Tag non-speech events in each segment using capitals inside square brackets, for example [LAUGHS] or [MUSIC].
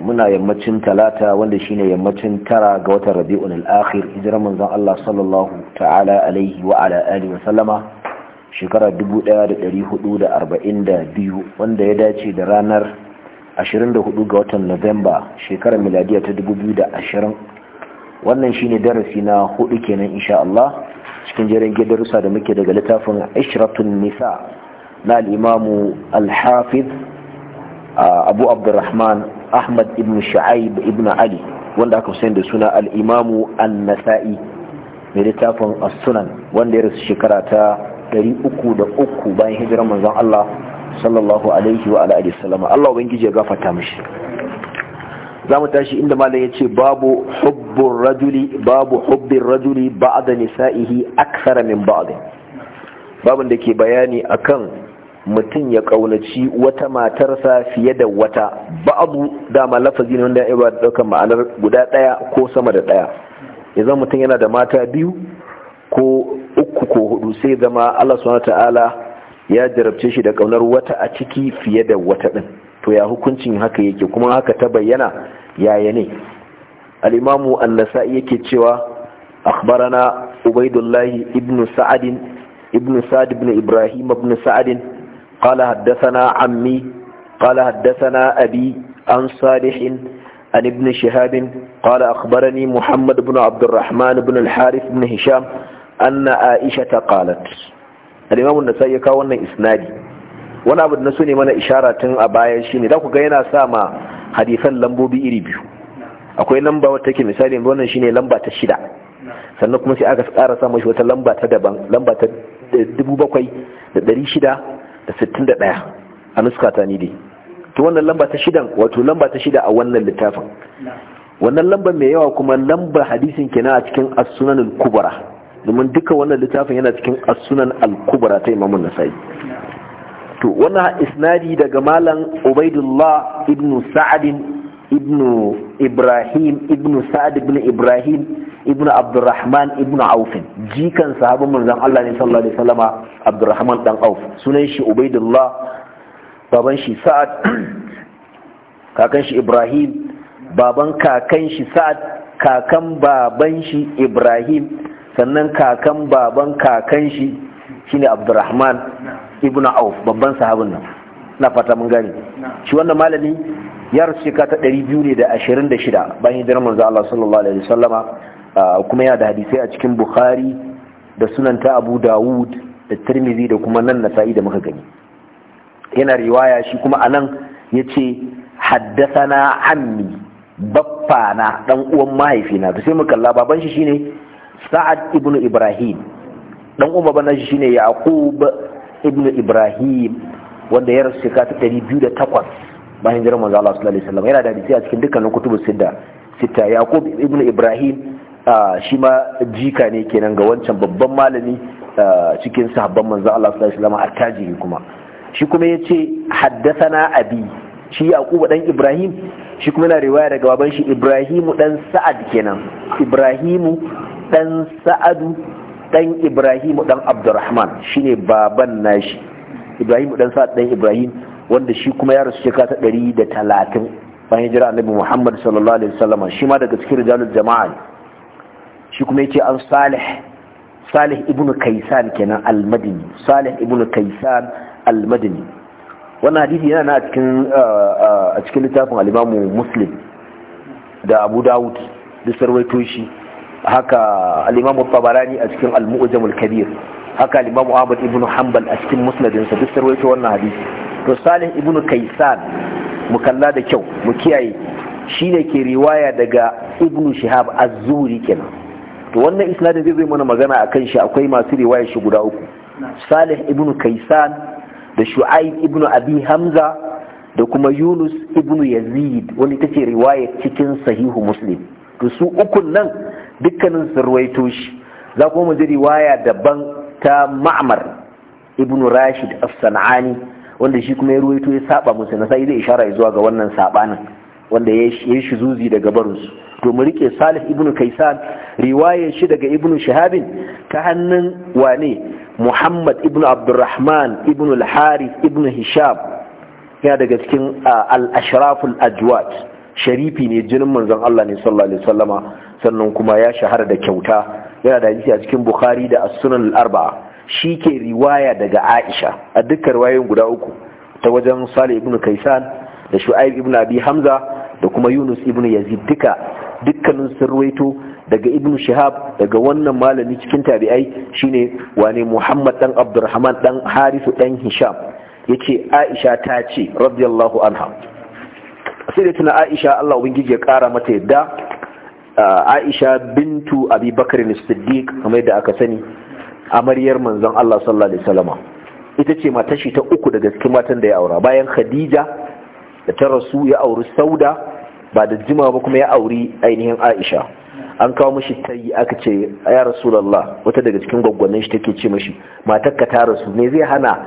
muna yammacin talata wanda shine yammacin tara ga watan rabi'un al-akhir hijiran manzon Allah sallallahu ta'ala alaihi wa ala alihi wa sallama shekara 1442 wanda ya dace da ranar 24 ga watan Novemba shekarar miladiya ta 2020 wannan shine darasi na hudu kenan insha Allah cikin jerin rusa da muke daga littafin Ishratun Nisa na al-Imam al-Hafiz Abu Abdurrahman ahmad ibn shu'aib ibn ali wanda aka fi da suna al-imamu an-nasa'i mai littafin as-sunan wanda ya rasu shekara ta 303 bayan hijirar manzon Allah sallallahu alaihi wa alihi wasallam Allah ubangiji ya gafarta mishi zamu tashi inda malam yace babu hubbur rajuli babu hubbir rajuli ba'da nisa'ihi akthara min ba'd babin da ke bayani akan mutum ya ƙaunaci wata matarsa fiye da wata ba'abu dama lafazi ne wanda ya ba da ma'anar guda ɗaya ko sama da ɗaya. idan mutum yana da mata biyu ko uku ko hudu sai zama Allah subhanahu ta'ala ya jarabce shi da ƙaunar wata a ciki fiye da wata ɗin. to ya hukuncin haka yake kuma haka ta bayyana yaya ne al-imamu an-nasa'i yake cewa akhbarana ubaidullahi ibnu sa'ad ibn sa'ad ibn ibrahim ibn sa'ad قال حدثنا عمي قال حدثنا أبي عن صالح عن ابن شهاب قال أخبرني محمد بن عبد الرحمن بن الحارث بن هشام أن عائشة قالت الإمام النسائي كون إسنادي wani abu da na sune ne mana ishara tun a baya shi ne za ku ga yana sa ma hadisan lambobi iri biyu akwai lamba wata ke misali wannan shi ne lamba ta shida sannan kuma sai aka ƙara samun shi wata lamba ta daban lamba ta dubu bakwai da ɗari shida da 61 a nuskata ni dai to wannan lamba ta shidan wato lamba ta shida a wannan littafin wannan lamba mai yawa kuma lamba hadisin kenan a cikin as-sunan al-kubra domin duka wannan littafin yana cikin as-sunan al-kubra ta Imam nasai to wannan isnadi daga malam Ubaidullah ibn Sa'adin, ibn Ibrahim ibn Sa'ad ibn Ibrahim ibnu abdurrahman ibnu auf jikan sahabin manzon Allah ne sallallahu alaihi wasallama abdurrahman dan auf sunan shi ubaidullah baban shi sa'ad [CLEARS THROAT] kakan shi ibrahim baban kakan shi sa'ad kakan baban shi ibrahim sannan kakan baban kakan shi shine abdurrahman ibnu auf babban sahabin nan na fata mun gani shi wannan malami ya rasu shekara ta 226 bayan hijirar manzo Allah sallallahu alaihi wasallama kuma yana da hadisai a cikin bukhari da sunanta abu dawud da tirmizi da kuma nan nasa'i da muka gani yana riwaya shi kuma a nan ya ce Haddasa na ammi baffana dan uwan mahaifina to sai mu kalla baban shi shine sa'ad ibn ibrahim dan uwan baban shi shine yaqub ibn ibrahim wanda ya rasu shekara ta 208 bayan jiran manzo Allah sallallahu alaihi wasallam yana da hadisi a cikin dukkanin kutubus sidda sita yaqub ibn ibrahim shi ma jika ne kenan ga wancan babban malami cikin sahabban manzo Allah sallallahu alaihi wasallam kuma shi kuma yace haddathana abi shi yaquba ɗan ibrahim shi kuma yana riwaya daga baban shi ibrahimu dan sa'ad kenan ibrahimu dan sa'adu dan ibrahimu dan abdurrahman shine baban nashi ibrahimu dan sa'ad dan ibrahim wanda shi kuma ya rasu shekara ta 130 bayan jira annabi muhammad sallallahu alaihi wasallam shi ma daga cikin rijalul jama'a shi kuma yace an salih salih ibnu kaisan kenan al-madini salih ibnu kaisan al-madini wannan hadisi yana na cikin a cikin littafin al imam muslim da abu dawud da sarwaito shi haka al imam tabarani a cikin al-mu'jam al-kabir haka al imam ahmad ibnu hanbal a cikin musnadinsa duk sarwaito wannan hadisi to salih ibnu kaisan mu kalla da kyau mu kiyaye shine ke riwaya daga ibnu shihab az-zuri kenan to wannan isnadin zai zai mana magana a kan shi akwai masu riwaya shi guda uku salih ibnu kaisan da shu'aib ibnu abi hamza da kuma yunus ibnu yazid wani ita ce riwaya cikin sahihu muslim to su ukun nan dukkanin sun ruwaito shi za kuma mu ji riwaya daban ta ma'mar ibnu rashid as-sanani wanda shi kuma ya ruwaito ya saba musu na sai zai ishara zuwa ga wannan saɓanin. wanda ya yi shi zuzi daga barinsu to mu rike salih ibnu kaisan riwayar shi daga ibnu shahabin ta hannun wane muhammad ibnu abdurrahman ibnu al-harith ibnu hisham yana daga cikin al-ashraful ajwat sharifi ne jinin manzon Allah ne sallallahu alaihi wasallama sannan kuma ya shahara da kyauta yana da hadisi a cikin bukhari da as-sunan al-arba'a shi ke riwaya daga aisha a dukkan riwayoyin guda uku ta wajen salih ibnu kaisan da shu'aib ibnu abi hamza da kuma yunus ibnu yazid duka dukkanin sun ruwaito daga ibn shihab daga wannan malami cikin tabi'ai shine wane muhammad dan abdurrahman dan harisu dan hisham yace aisha ta ce radiyallahu anha sai da tuna aisha Allah ubangiji ya kara mata yadda aisha bintu abi bakr siddiq kamar da aka sani amaryar manzon Allah sallallahu ita ce matashi ta uku daga cikin matan da ya aura bayan khadija da ta rasu ya auri sauda ba da jima ba kuma ya auri ainihin aisha an kawo mashi yi aka ce ya rasulallah wata daga cikin gwaggwannin shi take ce mashi ka ta rasu ne zai hana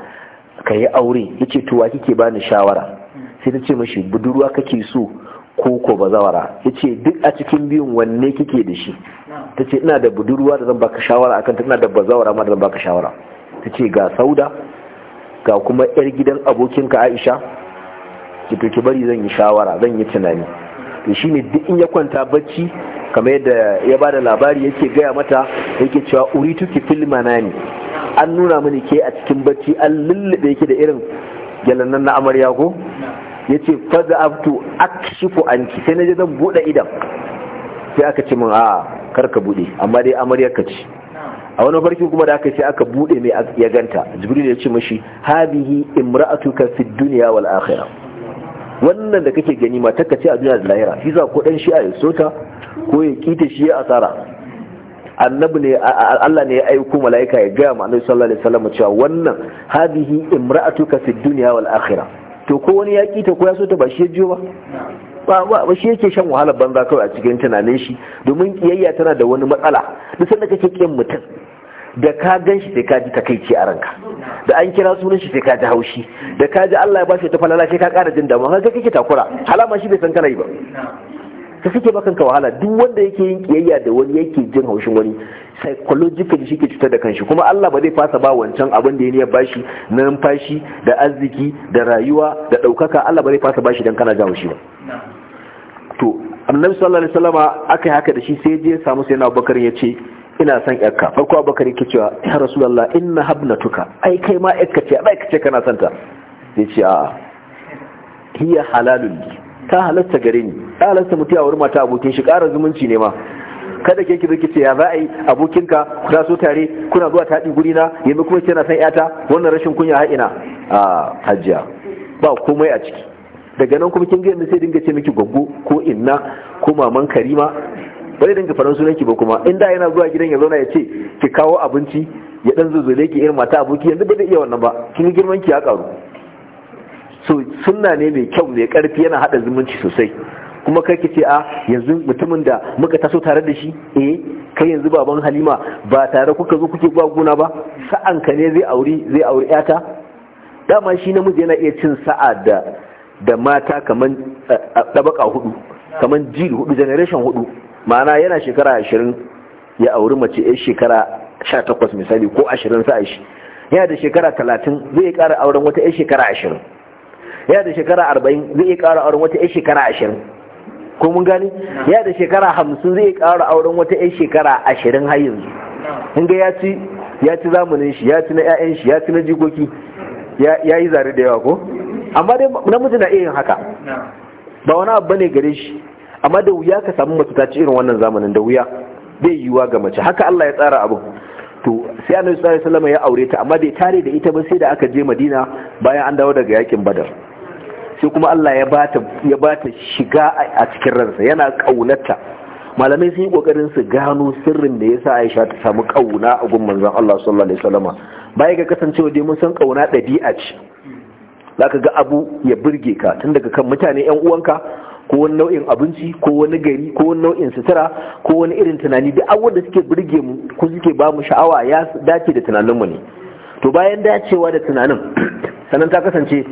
ka yi aure ya ce tuwa kike bani shawara sai ta ce mashi budurwa kake so ko ko bazawara ya ce duk a cikin biyun wanne kike da shi ta ce ina da budurwa da zan baka shawara akan ta ina da bazawara ma da zan baka shawara ta ce ga sauda ga kuma yar gidan abokinka aisha ki ki bari zan yi shawara zan yi tunani to ne duk in ya kwanta bacci kamar yadda ya ba da labari yake gaya mata yake cewa uri tuki fil ne. an nuna mini ke a cikin bacci an lullube yake da irin gyalannan na amarya ko yace faza aftu akshifu anki sai na je zan buɗe idan sai aka ce min a karka buɗe. amma dai amaryar ka ci. a wani farkin kuma da aka ce aka buɗe mai ya ganta jibril ya ce mashi habihi imra'atuka fid dunya wal akhirah wannan da kake gani mata ka a duniya da lahira shi za ko dan shi a sota ko ya kita shi ya asara annabi ne Allah ne ya aiko malaika ya ga ma annabi sallallahu alaihi wasallam cewa wannan hadihi imra'atuka fi dunya wal akhirah to ko wani ya kita ko ya sota ba shi ya jiyo ba ba ba shi yake shan wahalar banza kawai a cikin tunanin shi domin kiyayya tana da wani matsala duk sanda kake kiyan mutum da ka gan shi sai ka ji takaici a ranka da an kira sunan shi sai ka ji haushi da ka ji Allah ya ba shi ta falala sai ka ƙara jin damuwa sai kake takura halama shi bai san kana yi ba ka kake bakan ka wahala duk wanda yake yin kiyayya da wani yake jin haushin wani psychological shi ke cutar da kanshi kuma Allah ba zai fasa ba wancan abin da ya bashi na numfashi da arziki da rayuwa da ɗaukaka Allah ba zai fasa bashi dan kana jin haushi ba to annabi sallallahu alaihi wasallama aka yi haka da shi sai je samu sai Abubakar bakar ya ce ina son yakka farko abubakar yake cewa ya rasulullah inna habnatuka ai kai ma yakka ce ba kace kana son ta sai ce a hiya halalun ta halatta gare ni ta halatta mutiya wurin mata abokin shi ƙara zumunci ne ma kada ke kike ce ya za a yi abokinka ku so tare kuna zuwa taɗi guri na yanzu kuma kina san yata wannan rashin kunya ha ina a hajiya ba komai a ciki daga nan kuma kin ga yadda sai dinga ce miki gwaggo ko inna ko maman karima bari zai dinga sunan sunanki ba kuma in da yana zuwa gidan ya zauna ya ce ki kawo abinci ya dan zuzule ki irin mata aboki yanzu ba zai iya wannan ba kin girman ki ya karu so sunna ne mai kyau mai karfi yana hada zumunci sosai kuma kai ce a ah, yanzu mutumin da muka taso tare da shi eh kai yanzu baban Halima ba tare kuka zo kuke ba gona ba sa'an ka ne zai auri zai auri yata dama shi namiji yana iya cin sa'a da da mata kaman dabaka eh, hudu kaman jil hudu generation hudu ma'ana yana shekara ashirin ya auri mace ya shekara sha takwas misali ko ashirin sa shi yana da shekara talatin zai iya auren wata ya shekara ashirin yana da shekara arba'in zai iya auren wata ya shekara ashirin ko mun gani yana da shekara hamsin zai iya auren wata ya shekara ashirin har yanzu in ga ya ci ya ci zamanin shi ya ci na 'ya'yan shi ya ci na jikoki ya yi zare da yawa ko amma dai namiji na iya yin haka ba wani abu bane gare shi amma da wuya ka samu mace ta ci irin wannan zamanin da wuya bai yiwuwa ga mace haka Allah ya tsara abu to sai annabi sallallahu alaihi wasallam ya aure ta amma bai tare da ita ba sai da aka je Madina bayan an dawo daga yakin Badar sai kuma Allah ya bata ya bata shiga a cikin ransa yana kaunarta malamai sun yi kokarin su gano sirrin da yasa Aisha ta samu kauna a gun manzon Allah sallallahu alaihi wasallam baya ga kasancewa dai mun san kauna dabi'a ce zaka ga abu ya burge ka tun daga kan mutane yan uwanka ko wani nau'in abinci ko wani gari ko wani nau'in sutura ko wani irin tunani duk abubuwan da suke burge mu ko suke ba mu sha'awa ya dace da mu ne to bayan dacewa da tunanin [CLEARS THROAT] sannan ta kasance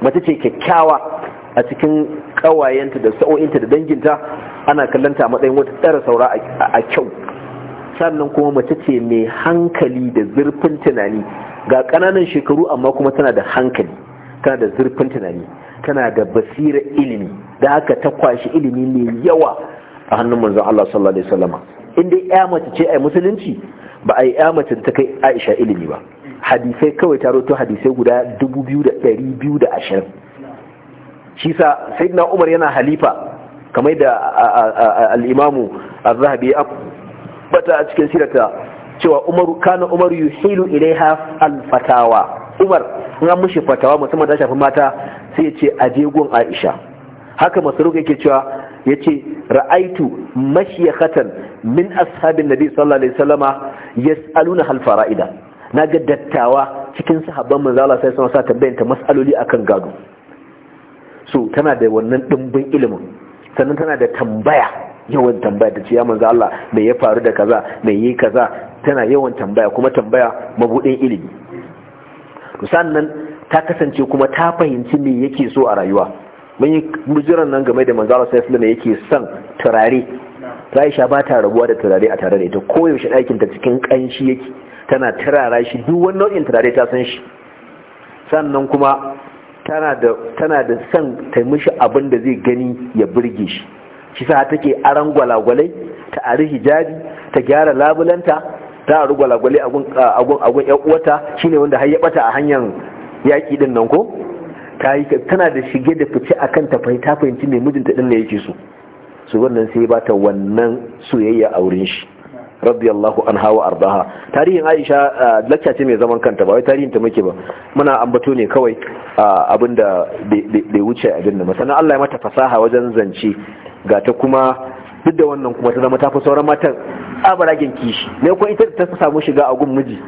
mace ce kyakkyawa a cikin kawayenta da sa'o'inta da danginta ana kallonta a matsayin wata tsara saura a kyau sannan kuma mace ce mai hankali da zurfin tunani ga ƙananan shekaru amma kuma tana da hankali tana da zurfin tunani tana da basirar ilimi da haka ta kwashi ilimi mai yawa a hannun manzon Allah sallallahu alaihi wasallama in dai ya mace ce ai musulunci ba ai ya mace ta kai Aisha ilimi ba hadisai kawai ta roto hadisai guda 2220 shi sa sayyidina Umar yana halifa kamar da al a Az-Zahabi ya bata a cikin sirata cewa Umaru kana Umaru yuhilu ilaiha al-fatawa Umar an mishi fatawa musamman ta shafi mata sai ce a jegon aisha haka masaruk yake cewa ya ce ra'aitu mashiyakatan min ashabin nabi sallallahu alaihi wasallama halfara hal fara'ida ga dattawa cikin sahabban manzo Allah sai suna sa tambayan ta mas'aloli akan gado so tana da wannan dimbin ilimin sannan tana da tambaya yawan tambaya ta ce ya manzo Allah me ya faru da kaza me yi kaza tana yawan tambaya kuma tambaya mabuɗin ilimi sannan ta kasance kuma ta fahimci me yake so a rayuwa mun yi mujiran nan game da Manzara sai yake son turare Aisha ba ta rabuwa da turare a tare da ita koyaushe ɗakin ta cikin ƙanshi yake tana turara shi duk wani nau'in turare ta san shi sannan kuma tana da tana son ta mishi abin da zai gani ya burge shi shi sa take aran gwalagwalai ta ari hijabi ta gyara labulanta ta ari gwalagwalai agun agun agun uwata shine wanda har ya bata a hanyar yaƙi din nan ko yi tana da shige da fice kan tafai ta fahimci mai mijinta din ne yake so su wannan sai ba ta wannan soyayya a wurin shi radiyallahu an wa a'rbaha. tarihin Aisha lacca ce mai zaman kanta ba wai tarihin ta muke ba muna ambato ne kawai da bai wuce abin da masana Allah ya mata fasaha wajen zance ga ta kuma duk da wannan kuma ta zama ta fi sauran matan abaragen kishi ne ko ita ta samu shiga a gun miji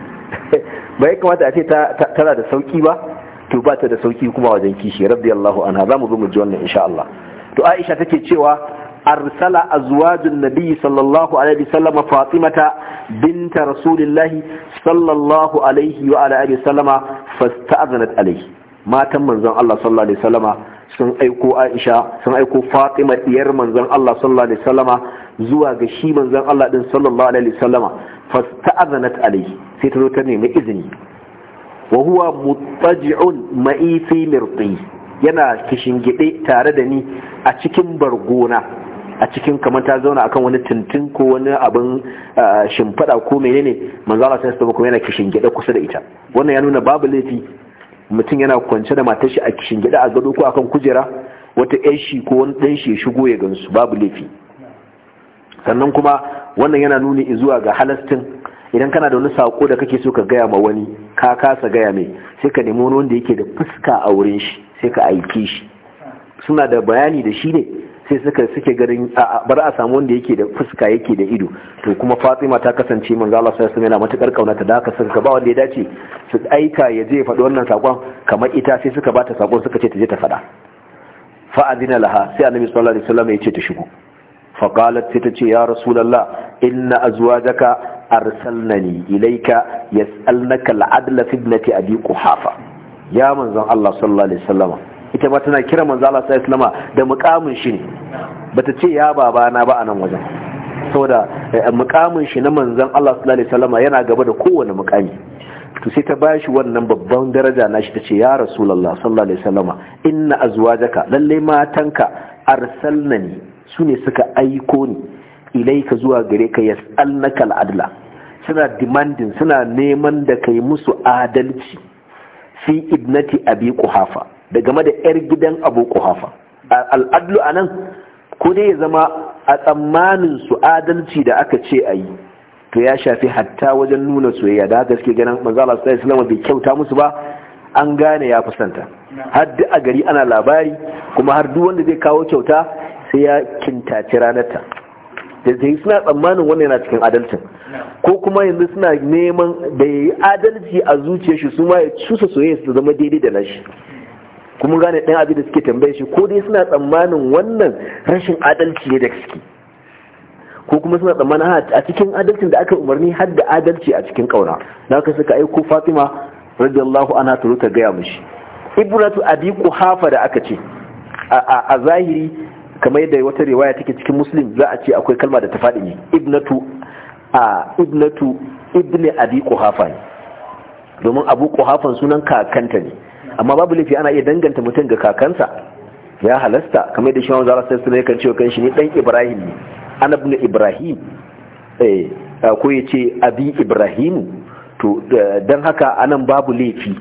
ba ya kamata a ce tana da sauki ba to ba ta da sauki kuma wajen kishi rabbi radiyallahu anha za mu zo mu ji wannan insha Allah to Aisha take cewa arsala azwajun nabi sallallahu alaihi wasallam Fatimata binta rasulillahi sallallahu alaihi wa ala alihi sallama fasta'azanat alaihi matan manzon Allah sallallahu alaihi wasallama sun aiko Aisha sun aiko Fatima diyar manzon Allah sallallahu alaihi wasallama zuwa ga shi manzon Allah din sallallahu alaihi wasallama fasta'azanat alaihi sai ta zo ta nemi izini wa huwa mutaji'un ma'i fi mirqi yana kishingide tare da ni a cikin bargona a cikin kamar ta zauna akan wani tintin ko wani abin shimfada ko menene manzo Allah sai kuma yana kishingide kusa da ita wannan ya nuna babu laifi mutum yana kwance da matar shi a kishingide a gado ko akan kujera wata ƴar shi ko wani ɗan shi ya shigo ya gansu babu laifi sannan kuma wannan yana nuni zuwa ga halastin idan kana da wani sako da kake so ka gaya ma wani ka kasa gaya mai sai ka nemi wanda yake da fuska a wurin shi sai ka aike shi suna da bayani da shi ne sai suka suke garin bar a samu wanda yake da fuska yake da ido to kuma Fatima ta kasance manzo Allah sai alaihi wasallam matukar ta da haka suka ba wanda ya dace su aika ya je faɗi wannan sakon kamar ita sai suka bata sakon suka ce ta je ta faɗa fa adina laha sai annabi sallallahu alaihi wasallam ya ce ta shigo fa qalat sai ta ce ya rasulullah inna azwajaka arsalnani ilaika yas'alnaka al'adla fi ibnati abi quhafa ya manzon Allah sallallahu alaihi wasallam ita ma tana kira manzon Allah sallallahu alaihi wasallam da muqamin shi bata ce ya babana ba anan wajen saboda eh, muqamin shi na manzon Allah sallallahu alaihi wasallam yana gaba da kowane muqami to sai ta bashi wannan babban daraja na nashi tace ya rasulullah sallallahu alaihi wasallam inna azwajaka lalle matanka arsalnani sune suka aiko ni ilaika zuwa gare ka yas'alnaka al'adla suna dimandin suna neman da kai musu adalci fi ibnati abi kuhafa da game da yar gidan abu kuhafa al'adlu a nan ko dai ya zama a tsammanin su adalci da aka ce a yi to ya shafi hatta wajen nuna soyayya da haka suke ganin manzo Allah sallallahu alaihi bai kyauta musu ba an gane ya fusanta har a gari ana labari kuma har duk wanda zai kawo kyauta sai ya kintaci ranarta da sai suna tsammanin wannan yana cikin adalcin ko kuma yanzu suna neman da yi adalci a zuciya shi su ma ya cusa soyayya su zama daidai da nashi kuma gane ɗan abin da suke tambaye shi ko dai suna tsammanin wannan rashin adalci ne da suke ko kuma suna tsammanin ah, a cikin adalcin da aka umarni har da adalci a cikin ƙauna na haka suka aiko fatima radiyallahu ana ta gaya mishi ibratu abi hafa da aka ce a zahiri kamar yadda wata riwaya take cikin muslim za a ce akwai kalma da ta faɗi ne ibnatu a ibnatu ibni abi quhafa ne domin abu quhafan sunan kakanta ne amma babu laifi ana iya danganta mutum ga kakansa ya halasta kamar yadda shi wanzu Allah sallallahu suna yakan cewa kan shi ne dan Ibrahim ne ana ibn Ibrahim eh ko ce abi Ibrahim to dan haka anan babu laifi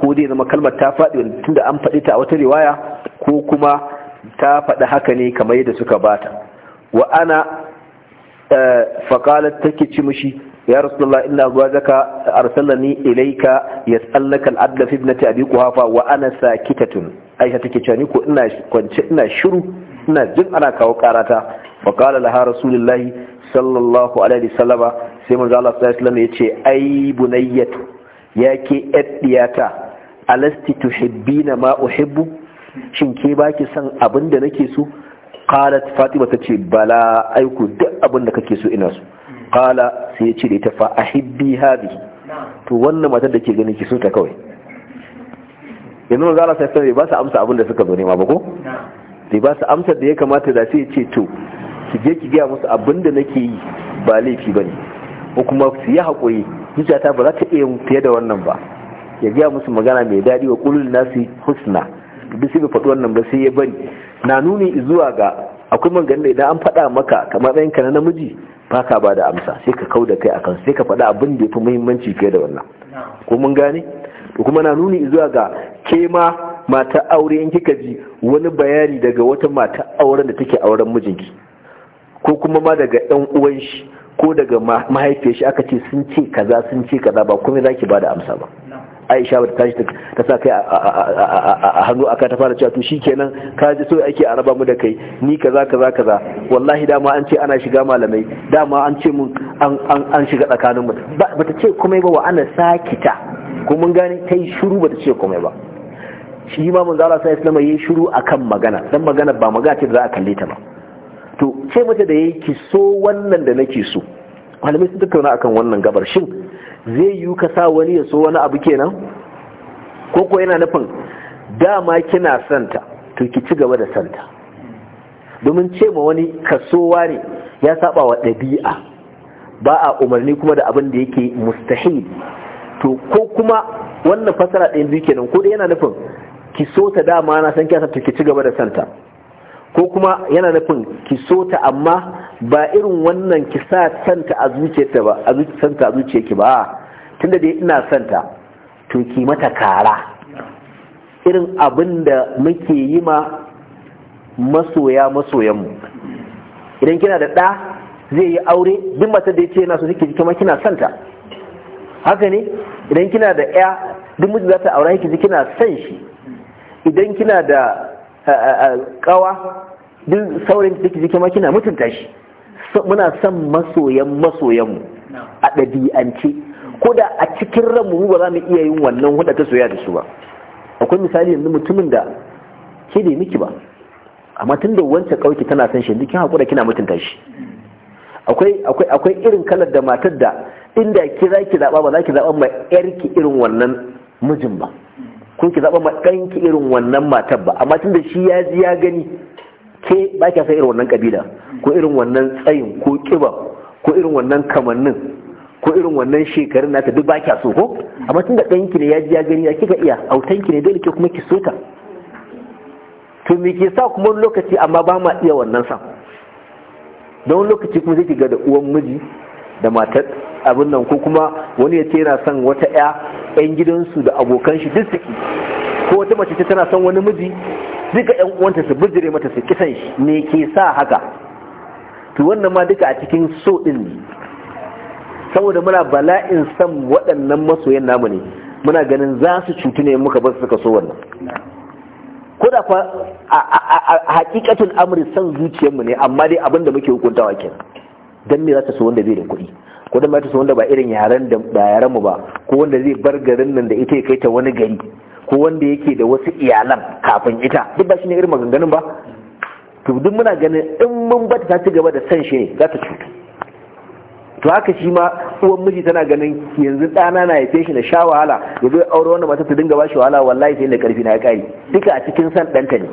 ko dai zama kalmar ta faɗi tunda an faɗi ta a wata riwaya ko kuma ta faɗi haka ne kamar yadda suka bata wa ana eh, faƙalar take ci mushi ya rasulullah ina zuwa zaka arsalani ilaika ya tsallaka al'adla fi ibnati abi kuhafa wa ana sa sakitatun aisha take cewa ni ko ina kwance ina shiru ina jin ana kawo karata faƙalar laha rasulullah sallallahu alaihi sallama. sai manzo Allah sallallahu alaihi ya ce ai bunayyatu yake addiyata alasti tuhibbina ma uhibbu shin ke ki son abin da nake so qalat fatima tace bala ku duk abin da kake so ina so qala sai ya ce da ita fa ahibbi hadi to wannan matar da ke gani ki so ta kawai yanzu zara sai sai ba su amsa abin da suka zo nema ba ko sai ba su amsa da ya kamata da sai ya ce to ki je ki gaya musu abin da nake yi ba laifi bane ko kuma su yi haƙuri ta ba za ta iya yin fiye da wannan ba ya gaya musu magana mai daɗi wa ƙulul nasi husna duk sai bai faɗi wannan ba sai ya bari na nuni zuwa ga akwai maganin da idan an faɗa maka kamar ɗayan ka na namiji ba ka ba da amsa sai ka kau da kai akan sai ka faɗa abin da ya fi muhimmanci fiye da wannan ko mun gane to kuma na nuni zuwa ga ke ma mata aure in kika ji wani bayani daga wata mata auren da take auren mijinki ko kuma ma daga ɗan uwan shi ko daga mahaifiyar shi aka ce sun ce kaza sun ce kaza ba kuma za ki ba da amsa ba aisha ba ta tashi ta sa kai a hannu aka ta fara cewa to shikenan ka ji so ake araba mu da kai ni kaza kaza kaza wallahi dama an ce ana shiga malamai dama an ce mun an shiga tsakanin mu ba ta ce komai ba wa ana sakita ko mun gane ta yi shiru ba ta ce komai ba shi ma mun zara sai islama yayi shiru akan magana dan magana ba magana ce da za a kalle ta ba to ce mata da yayi ki so wannan da nake so malamai sun tattauna akan wannan gabar shin zai yi ka sa wani ya so wani abu kenan ko ko yana nufin dama kina santa to ki ci gaba da santa domin ce ma wani kasowa ne ya saba wa ɗabi'a ba a umarni kuma da abin da yake mustahil to ko kuma wannan fasara ɗin biyu kenan ko da yana nufin ki so ta dama na san kiyasa to ki ci gaba da santa ko kuma yana nufin ki so ta amma ba irin wannan ki sa santa a zuciyarta ba a santa a zuciyarki ba tunda dai ina santa to ki mata kara irin abin da muke yi ma masoya masoyanmu idan kina da ɗa zai yi aure duk mata da ya ce yana so kike kuma kina santa haka ne idan kina da ƴa duk mutum za ta aura kike kina san shi idan kina da kawa duk saurayin da kike kuma kina mutunta shi muna son masoyan masoyanmu a ɗabi'ance ko da a cikin ranmu ba za mu iya yin wannan hudda ta soya da su ba akwai misali yanzu mutumin da ke da miki ba amma tun da wancan kauki tana son shi kin hakura kina mutunta shi akwai irin kalar da matar da inda ki za ki zaba ba za ki zaba ma yarki irin wannan mijin ba ko ki zaba ma ɗanki irin wannan matar ba amma tun da shi ya ji ya gani ke ba kya san irin wannan kabila ko irin wannan tsayin ko kiba ko irin wannan kamannin ko irin wannan shekarun nata duk ba kya so ko amma tunda ɗanki ne ya ji ya gani ya kika iya autanki ne dole ke kuma ki so ta to me ke sa kuma lokaci amma ba ma iya wannan sa don lokaci kuma zai ga da uwan miji da matar abin nan ko kuma wani ya ce yana son wata 'ya 'yan gidansu da abokan shi duk suke ko wata mace ce tana son wani miji duka yan uwanta su bijire mata su kisan shi me ke sa haka to wannan ma duka a cikin so din ne saboda muna bala'in san waɗannan masoyan namu ne muna ganin za su cutu ne muka bar suka so wannan ko da kuwa a hakikatin amri san zuciyarmu ne amma dai abin da muke hukuntawa ke dan me za ta so wanda bai da kuɗi ko dan ba ta so wanda ba irin yaran da ba yaren mu ba ko wanda zai bar garin nan da ita ya kai ta wani gari ko wanda yake da wasu iyalan kafin ita duk ba shi ne irin maganganun ba to duk muna ganin in mun bata ta ci gaba da san shi ne za ta cutu to haka shi ma uwan miji tana ganin yanzu ɗana na haife shi na sha wahala ya zo aure wanda mata ta dinga shi wahala wallahi sai da karfi na ya kare duka a cikin san ɗanta ne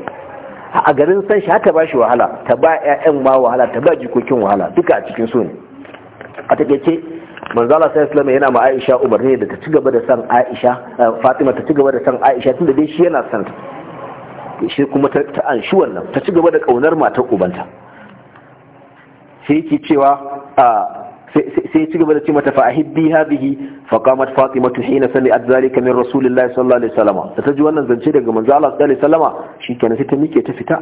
a garin san shi haka shi wahala ta ba ƴaƴan ma wahala ta ba jikokin wahala duka a cikin su ne a takaice manzala sai islam yana ma aisha umarni da ta ci gaba da san aisha eh, fatima ta ci gaba da san aisha tun da dai shi yana san ta shi kuma ta anshi wannan ta ci gaba da kaunar matar ubanta sai yake cewa sai ci gaba da ce mata fa ahibbi hadhihi fa qamat fatimatu hina sami'at zalika min rasulillahi sallallahu alaihi wasallam da ta ji wannan zance daga manzo Allah sallallahu alaihi wasallam shikenan sai ta mike ta fita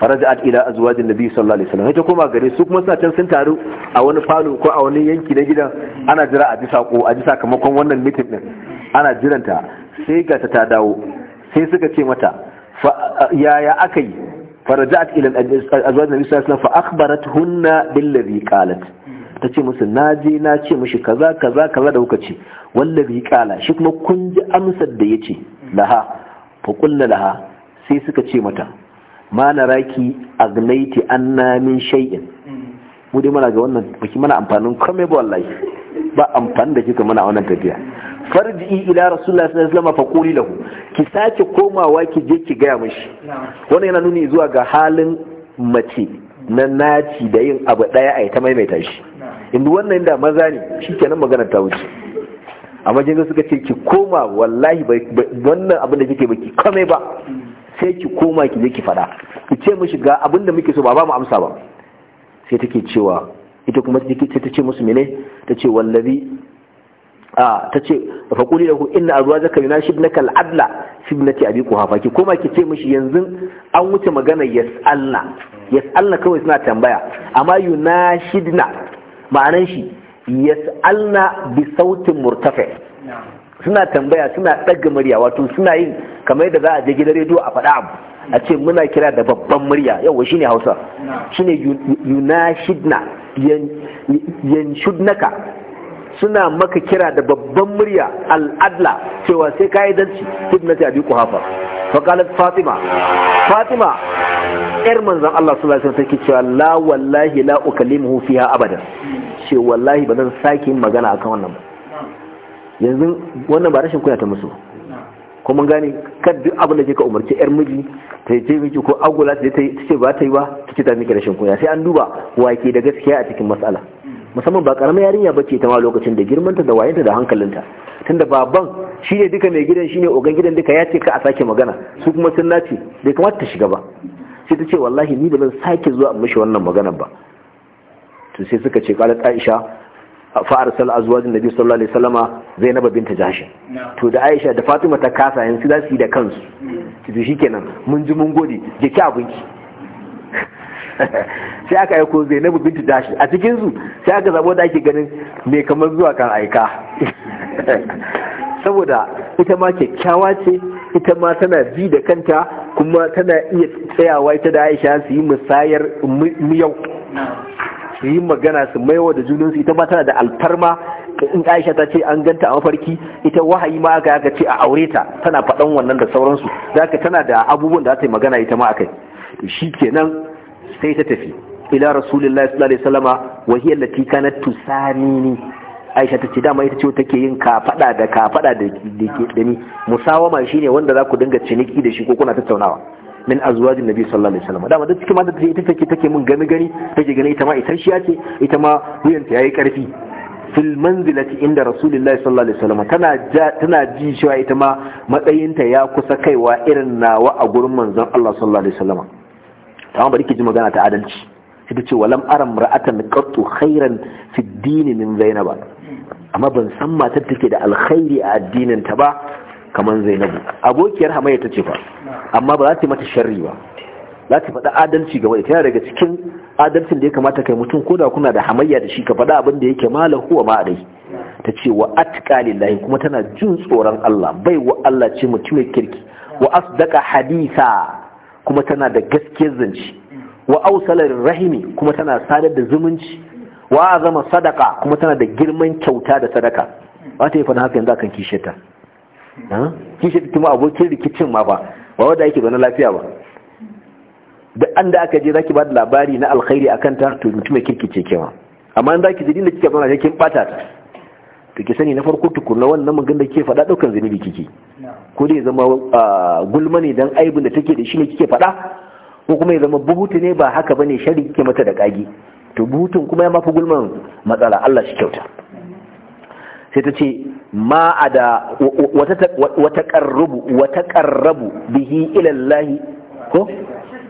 farajat ila azwajin nabi sallallahu alaihi wasallam ita kuma gare su kuma suna can sun taru a wani falo ko a wani yanki na gidan ana jira a ji sako a ji sakamakon wannan meeting din ana jiranta sai ga ta dawo sai suka ce mata yaya akai farajat ila azwajin nabi sallallahu alaihi wasallam fa akhbaratuhunna billadhi qalat ta ce musu na je na ce mishi kaza kaza kaza da kuka ce wallazi qala shi kuma kun ji amsar da yace laha fa qulna laha sai suka ce mata ma na raki agnaiti an namin shay'in mu dai mana ga wannan baki mana amfanin kome ba wallahi ba amfani da kika mana a wannan tafiya farji ila rasulullahi sallallahu alaihi wasallam fa quli lahu ki sake komawa ki je ki gaya mishi wannan yana nuni zuwa ga halin mace na naci da yin abu daya a ta maimaita shi inda wannan da maza ne shikenan magana ta wuce amma jinga suka ce ki koma wallahi wannan abin da kike baki kome ba sai ki koma ki je ki fada ki ce mishi ga abin da muke so ba ba mu amsa ba sai take cewa ita kuma sai ta ce musu mene ta ce wallazi a ta ce fa quli lahu inna azwajaka yunashibnaka al-adla sibnati abi quhafa ki koma ki ce mishi yanzu an wuce magana yas'alna yas'alna kawai suna tambaya amma yunashidna ma'anar shi yas'alna bi sautin murtafi suna tambaya suna ɗaga murya wato suna yin kamar yadda za a je gidan rediyo a faɗa abu a ce muna kira da babban murya yawa ne hausa shine yunashidna yanshudnaka suna maka kira da babban murya al'adla cewa sai kayi dalci ibnati abi ku hafa. qalat fatima fatima yar manzan Allah sallallahu alaihi wasallam take cewa la wallahi la ukallimuhu fiha abadan ce wallahi ba zan sake magana akan wannan ba yanzu wannan ba rashin kunya ta musu ko mun gane kan duk abin da ke ka umarci yar miji ta je miki ko agula ta ta ce ba ta yi ba ce ta miki rashin kunya sai an duba wa ke da gaskiya a cikin matsala musamman ba karamar yarinya bace ta ma lokacin da girmanta da wayanta da hankalinta tunda baban shi ne duka mai gidan shi ne ogan gidan duka ya ce ka a sake magana su kuma sun nace bai kamata ta shiga ba sai ta ce wallahi ni ba zan sake zuwa mishi wannan magana ba to sai suka ce qalat aisha fa'arsal azwajin nabi sallallahu alaihi wasallama zainab binta jahsh to da aisha da fatima ta kasa yanzu za su yi da kansu hmm. to shikenan mun ji mun gode da ki abinki [LAUGHS] sai aka aiko zainab binta jahsh a cikin su sai aka zabo da ake ganin me kamar zuwa kan aika [LAUGHS] saboda ita ma kyakkyawa ce ita ma tana ji da kanta kuma tana iya tsayawa ita da aisha su yi musayar miyau su yi magana su maiwa da junansu ita ma tana da alfarma in aisha ta ce an ganta a mafarki ita wahayi ma aka aka ce a aure ta tana faɗan wannan da sauransu Za zaka tana da abubuwan da za ta yi magana ita ma akai shi kenan sai ta tafi ila rasulullahi sallallahu alaihi wasallama wa hiya allati tusanini aisha ta ce dama ita ce take yin faɗa da ka da da ni musawama shine wanda za ku dinga ciniki da shi ko kuna tattaunawa min azwajin nabi sallallahu alaihi wasallam dama duk cikin mata ita take take mun gani gani take gani ita ma isasshiya ce ita ma wuyanta yayi karfi fil manzilati inda rasulullahi sallallahu alaihi wasallam tana tana ji cewa ita ma matsayinta ya kusa kaiwa irin nawa a gurin manzon Allah sallallahu alaihi wasallam amma bari ki ji magana ta adalci sai ce walam aram ra'atan qattu khairan din min zainaba amma ban san matar take da alkhairi a addinin ta ba kamar zainabu abokiyar hamayya ta ce fa amma ba za ta yi mata sharri ba za ta faɗa adalci game da tana daga cikin adalcin da ya kamata kai mutum ko da kuna da hamayya da shi ka faɗa abin da yake mala huwa ma dai ta ce wa atqa lillahi kuma tana jin tsoron Allah bai wa Allah ce mutumin kirki wa asdaqa hadisa kuma tana da gaskiyar zance wa ausalar rahimi kuma tana sadar da zumunci wa azama sadaka kuma tana da girman kyauta da sadaka ba ta yi fana haka yanzu akan kishe ta kishi da kuma abokin rikicin ma ba ba wanda yake zaune lafiya ba da an da aka je zaki ba da labari na alkhairi akan ta to mutum ya kirkice kewa amma an zaki zidin da kike zauna kin bata ta to ki sani na farko tukunna wannan magana da kike faɗa daukan zunubi kike ko dai zama gulma ne dan aibin da take da shi ne kike faɗa ko kuma ya zama buhutu ne ba haka bane shari kike mata da kage to buhutun kuma ya mafi gulman matsala Allah shi kyauta sai ta ce ma a da wata ƙarrabu wata ƙarrabu bihi ilallahi ko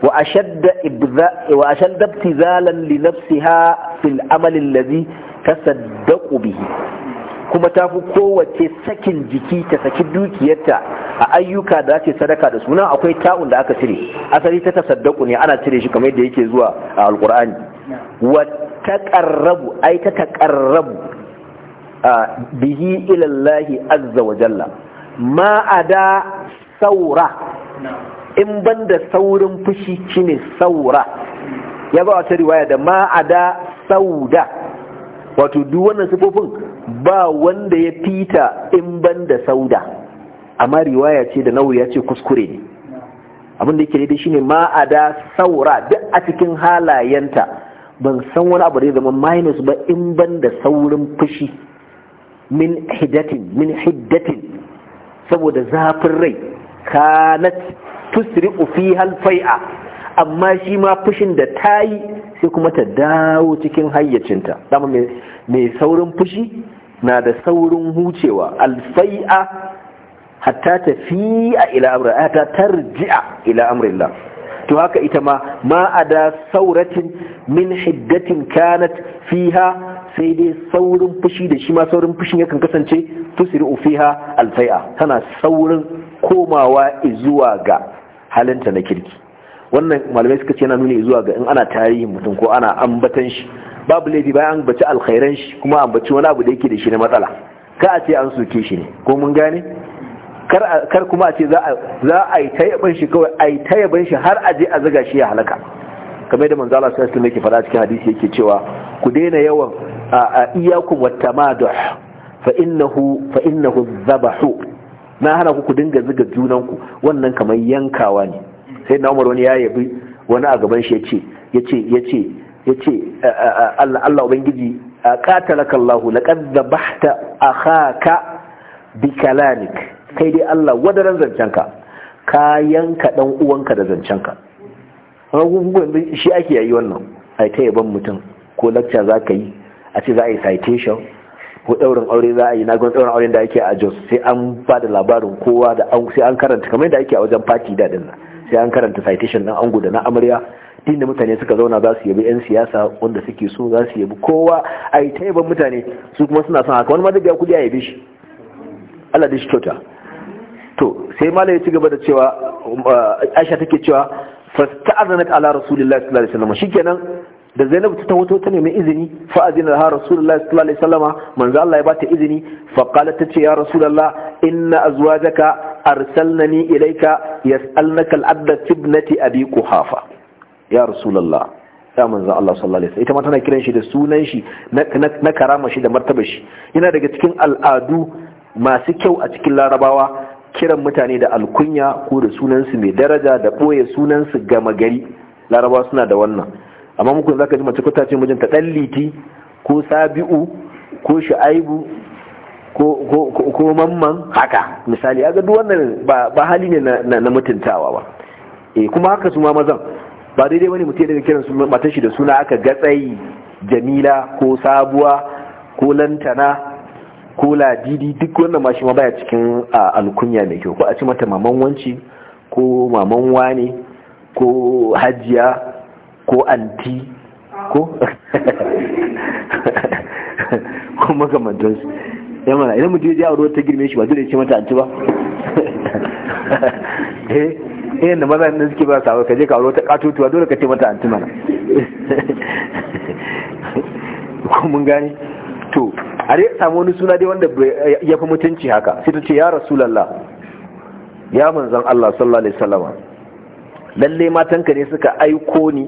wa ashadda ibtizalan li nafsiha fil amalin lazi tasaddaqu bihi kuma ta fi kowace sakin jiki ta saki dukiyarta a ayyuka da ake sadaka da suna akwai ta'un da aka cire asali ta tasaddaku ne ana cire shi kamar yadda yake zuwa a alkur'ani wa ai ta ƙarrabu bihi ilallahi azza wa jalla ma ada saura in banda saurin fushi kine saura ya ba wata riwaya da ma ada sauda wato duk wannan sifofin ba wanda ya fita in banda sauda amma riwaya ce da nauri ya ce kuskure ne abin da yake shi shine ma ada saura duk a cikin halayenta ban san wani abu da ya zama minus ba in banda saurin fushi min hidatin min hiddatin saboda zafin rai kanat tusri'u fiha al-fai'a amma shi ma fushin da ta yi sai kuma ta dawo cikin hayyacinta dama mai saurin fushi na da saurin hucewa alfai'a hatta ta fi a ila amri hatta tarji'a ila amrillah to haka ita ma ma'ada sauratin min hiddatin kanat fiha sai dai saurin fushi da shi ma saurin fushin yakan kasance tusiri ufiha alfai'a tana saurin komawa zuwa ga halinta na kirki wannan malamai suka ce yana nuni zuwa ga in ana tarihin mutum ko ana ambatan shi babu laifi bayan an baci alkhairan shi kuma an baci wani abu da yake da shi na matsala ka a ce an soke shi ne ko mun gane kar kuma a ce za a yi tayyaban shi kawai a yi shi har a je a zaga shi ya halaka kamar da manzala sai sallallahu yake faɗa cikin hadisi yake cewa ku daina yawan A'a wattamaduh fa innahu fa innahu dhabahu na hana ku dinga zuga junanku wannan kamar yankawa ne sai na Umar wani ya yabi wani a gaban shi yace yace yace yace Allah Allah ubangiji qatalaka Allah laqad a akhaka bi kalamik kai dai Allah wadaran zancenka ka yanka dan uwanka da zancenka shi ake yi wannan ai ta yaban mutum ko lacca za ka yi a ce za a yi citation ko ɗaurin aure za a yi nagon ɗaurin aure da ake a jos sai an ba da labarin kowa da an sai an karanta kamar da ake a wajen party da dinna sai an karanta citation ɗin ango da na amarya din da mutane suka zauna za su yabi 'yan siyasa wanda suke so za su yabi kowa a yi taiban mutane su kuma suna son haka wani ma zai biya kuɗi a yabi shi Allah da shi kyauta to sai malai ya ci gaba da cewa aisha take cewa fasta'azanat ala rasulillahi sallallahu alaihi wasallam shikenan da Zainab ta tawo ta nemi izini fa azina ha Rasulullahi sallallahu alaihi wasallama manzo Allah ya bata izini fa ta ce ya Rasulullah inna azwajaka arsalnani ilayka yas'alnaka al ibnati abi quhafa ya Rasulullah ya manzo Allah sallallahu alaihi wasallam ita ma tana kiran shi da sunan shi na karama shi da martaba shi yana daga cikin al'adu masu kyau a cikin larabawa kiran mutane da alkunya ko da sunansu mai daraja da ɓoye sunansu gama gari larabawa suna da wannan amma muku zaka ji mace ko ta ce mijinta liti ko sabi'u ko shu'aibu ko mamman haka misali ya ga duk wannan ba hali ne na mutuntawa ba e kuma haka su ma mazan ba daidai wani mutum daga kiran su matan shi da suna aka gatsayi jamila ko sabuwa ko lantana ko ladidi duk wannan ma shi ma baya cikin alkunya mai kyau ko a ci mata maman wanci ko maman wane ko hajiya ko anti ko [LAUGHS] ko makamantansu ya mana idan mutu ya aure ta girme shi ba zai ce mata anti ba [LAUGHS] eh, eh yadda maza ne suke ba sawa kaje ka aure ta katotuwa dole ka ce mata anti mana [LAUGHS] ko mun gane to a dai samu wani suna dai wanda ya fi mutunci haka sai ta ce ya rasulallah ya manzan Allah sallallahu alaihi wasallama lalle matanka ne suka aiko ni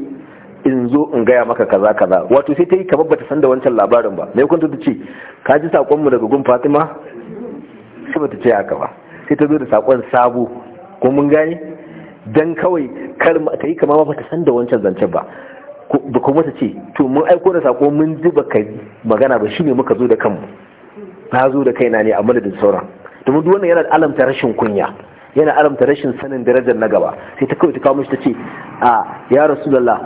in zo in gaya maka kaza kaza wato sai ta yi kamar bata san da wancan labarin ba mai kwanta ta ce ka ji sakon mu daga gun Fatima sai bata ce haka ba sai ta zo da sakon sabo ko mun gane dan kawai kar ta yi kamar bata san da wancan zancen ba ba kuma ta ce to mun aiko da sako mun ji baka magana ba shine muka zo da kanmu na zo da kaina ne a madadin sauran domin duk wannan yana alamta rashin kunya yana alamta rashin sanin darajar na gaba sai ta kawai ta kawo mishi ta ce a ya rasu rasulullah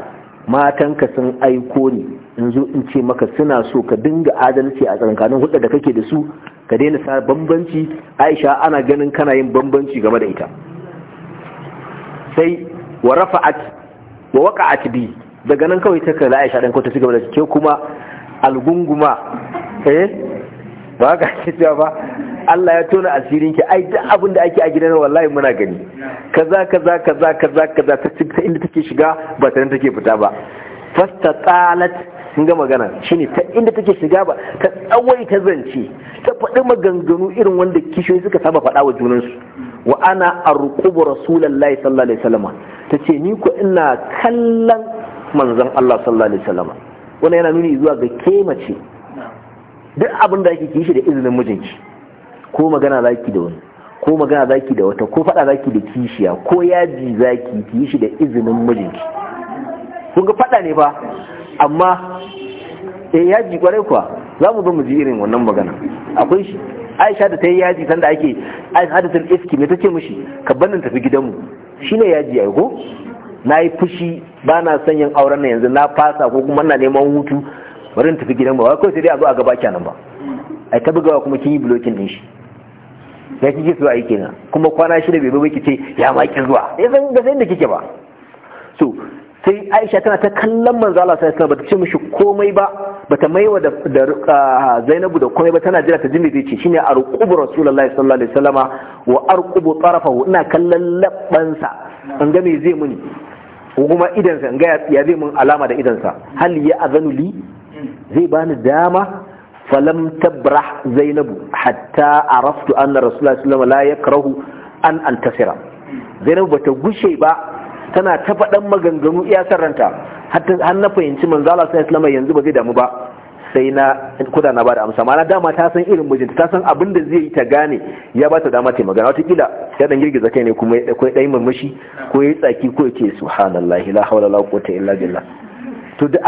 matanka sun aiko ni in zo in ce maka suna so ka dinga adalci a tsakanin hudda da kake da su ka daina sa bambanci aisha ana ganin kana yin bambanci game da ita sai wa rafa'at wa waqa'at bi daga nan kawai ta kalla aisha dan kwata cigaba da ke kuma algunguma eh ba ka ce ba Allah ya tona asirin ki ai duk abin da ake a gidan wallahi muna gani kaza kaza kaza kaza kaza ta inda take shiga ba ta nan take fita ba talat sun ga magana shine ta inda take shiga ba ta tsawai ta zance ta faɗi maganganu irin wanda kishiyoyi suka saba faɗa wa junansu wa ana arqubu rasulullahi sallallahu alaihi wasallam tace ni ko ina kallon manzon Allah sallallahu alaihi wasallam wannan yana nuni zuwa ga ke mace duk abin da ake kishi da izinin mijinki ko magana zaki da wani ko magana zaki da wata ko fada zaki da kishiya ko yaji zaki ki da izinin mijinki kun ga fada ne ba amma eh yaji kwarai kuwa za mu zo mu ji irin wannan magana akwai shi aisha da ta yi yaji sanda ake hadisin iski ne ta ce mishi ka bannin tafi gidanmu shine yaji ai ko na yi fushi ba na son yin auren na yanzu na fasa ko kuma na neman hutu bari tafi gidan ba kawai sai dai a zo a gaba kenan ba ai ta bugawa kuma kin yi blocking din shi ya kike zuwa yi kenan kuma kwana shida bai bai kice ya ma ki zuwa ya eh, san da sai da kike ba so sai Aisha tana ta kallon manzo Allah sai ta wasallam bata ce mishi komai ba bata maiwa da Zainabu da komai ba tana jira ta jimi zai ce shine arqubu rasulullahi sallallahu alaihi wasallama wa arqubu tarafahu ina kallon labbansa an ga me zai muni ko kuma idan in ga ya zai mun alama da sa? hal ya azanu li zai bani dama falam tabrah zainabu hatta araftu anna rasulullahi sallallahu la yakrahu an antasira zainabu bata gushe ba tana ta ɗan maganganu iya ranta. har na fahimci manzo Allah sallallahu alaihi yanzu ba zai damu ba sai na kuda na bada amsa ma'ana dama ta san irin mijinta ta san abin da zai yi ta gane ya ba ta dama ta magana watakila ya dan girgiza kai ne kuma kai dai murmushi ko yi tsaki ko ya subhanallahi la hawla la quwwata illa billah to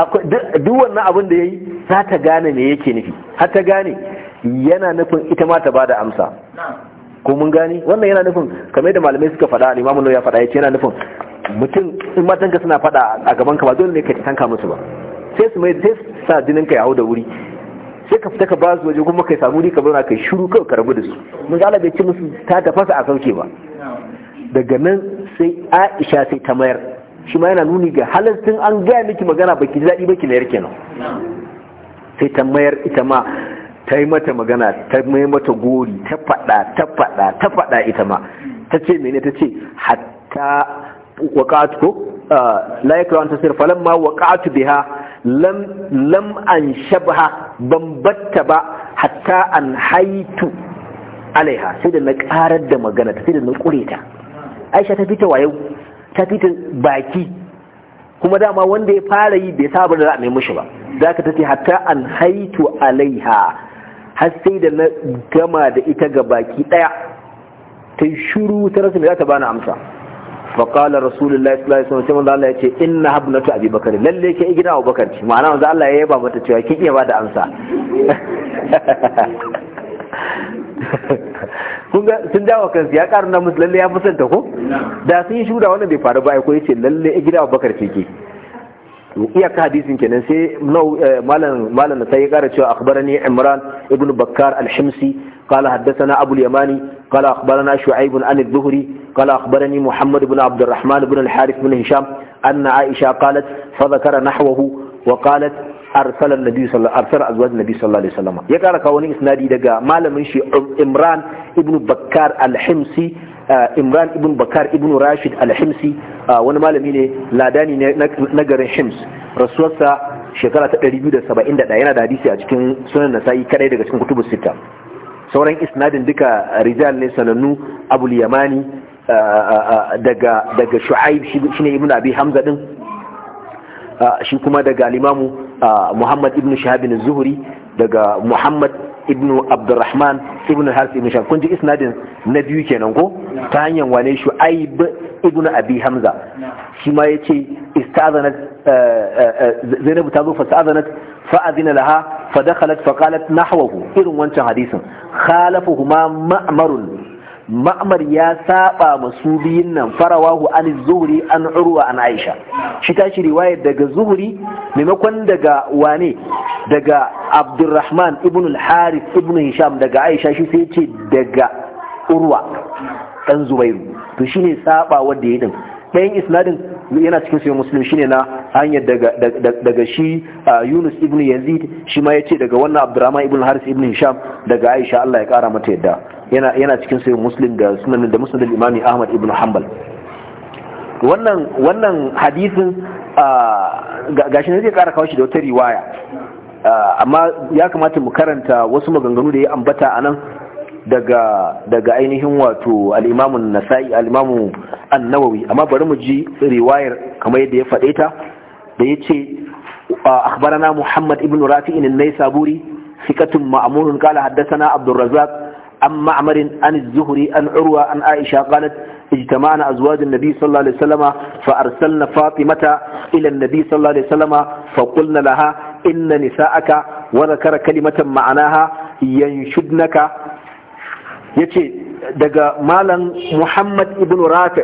duk wannan abin da ya yi za ta gane me yake nufi har ta gane yana nufin ita ma ta ba da amsa ko mun gane wannan yana nufin kamar da malamai suka faɗa limamin ya faɗa ya ce yana nufin mutum in ka suna faɗa a gaban ka ba dole ne ka tanka musu ba sai su mai sai sa jinin ka ya da wuri sai ka fita ka ba su waje kuma kai samu ka zauna kai shiru kawai ka rabu da su mun ga bai ci musu ta tafasa a sauke ba daga nan sai Aisha sai ta mayar shi ma yana nuni ga halastin an gaya miki magana baki daɗi ba ki mayar kenan sai ta mayar ita ma ta yi mata magana ta mai mata gori ta faɗa ta faɗa ta faɗa ita ma ta ce mene ta ce hatta waƙatu ko la yakra ta sirfa lamma waƙatu biha lam lam an shabha ban batta ba hatta an haitu alaiha sai da na karar da magana ta sai da na ƙure ta aisha ta fita wayo ta titin baki kuma dama wanda ya fara yi bai saba da za a mai mushi ba za ka tafi hatta an haitu alaiha har sai da na gama da ita ga baki ɗaya ta shuru ta rasu da za ta bani amsa faƙalar rasulullahi sallallahu alaihi wasallam Allah ya ce inna habnatu abi bakar lalle ke gina abu bakar ma'ana wanda Allah ya yaba mata cewa kin iya ba da amsa [LAUGHS] sun dawa kansu ya karu na musu lalle ya musanta ko da sun yi shuda wannan bai faru ba ya kuwa ce lalle ya gida abubakar ce ke iyaka hadisin kenan sai eh, malam na sai ya kara cewa akhbarani imran ibn bakkar al-himsi قال حدثنا أبو اليماني قال أخبرنا شعيب عن الزهري قال bin محمد بن عبد الرحمن بن الحارث بن هشام أن عائشة قالت فذكر نحوه وقالت arsalan nabi sallallahu arsala azwaj nabi sallallahu alaihi wasallam ya kara kawo wani isnadi daga malamin shi Imran ibn Bakkar al-Himsi uh, Imran ibn Bakkar ibn Rashid al-Himsi uh, wani malami ne ladani ne na garin Hims rasuwarsa shekara ta 271 yana da hadisi a cikin sunan Nasa'i kadai daga cikin kutubus sita sauran isnadin duka rijal ne sanannu Abul Yamani uh, daga daga Shu'aib shine ibn Abi Hamza din shi kuma daga limamu Muhammad ibn Shahab ibn daga Muhammad ibn Abdurrahman ibn Harith ibn Shahab kun ji isnadin na biyu kenan ko ta hanyar wane Shu'aib ibn Abi Hamza shi ma yace istazanat Zainab ta zo fa istazanat fa adina laha fa dakhalat fa qalat nahwahu irin wancan hadisin khalafuhuma ma'marun ma'amar ya saba masu biyun nan farawahu an zuhri an urwa an aisha shi ta shi riwayar daga zuhri maimakon daga wane daga abdurrahman ibn al-harith ibn hisham daga aisha shi sai ce daga urwa dan zubairu to shine saba wanda ya dan isnadin yana cikin sayan muslim shine na hanyar daga shi yunus ibn yazid shi ma ya ce daga wannan abdurrahman ibn al haris ibn hisham daga aisha allah ya kara mata yadda yana cikin sahih muslim da sunanin da musulun imami ahmad ibn hanbal wannan wannan hadisin ah, shi ne zai kara kawo shi da wata riwaya ah, amma ya kamata mu karanta wasu maganganu da ya ambata anan daga daga ainihin wato al'imamun nasai al'imamun annawawi amma bari mu ji riwayar kamar yadda ya faɗe ta da ce, ah, akbarana muhammad ibn rafi'in an saburi fikatun مأمون kala Haddasa na Abdulrazak. عن معمر عن الزهري عن عروة عن عائشة قالت اجتمعنا أزواج النبي صلى الله عليه وسلم فأرسلنا فاطمة إلى النبي صلى الله عليه وسلم فقلنا لها إن نساءك وذكر كلمة معناها ينشدنك yace daga malam Muhammad ibn Rafi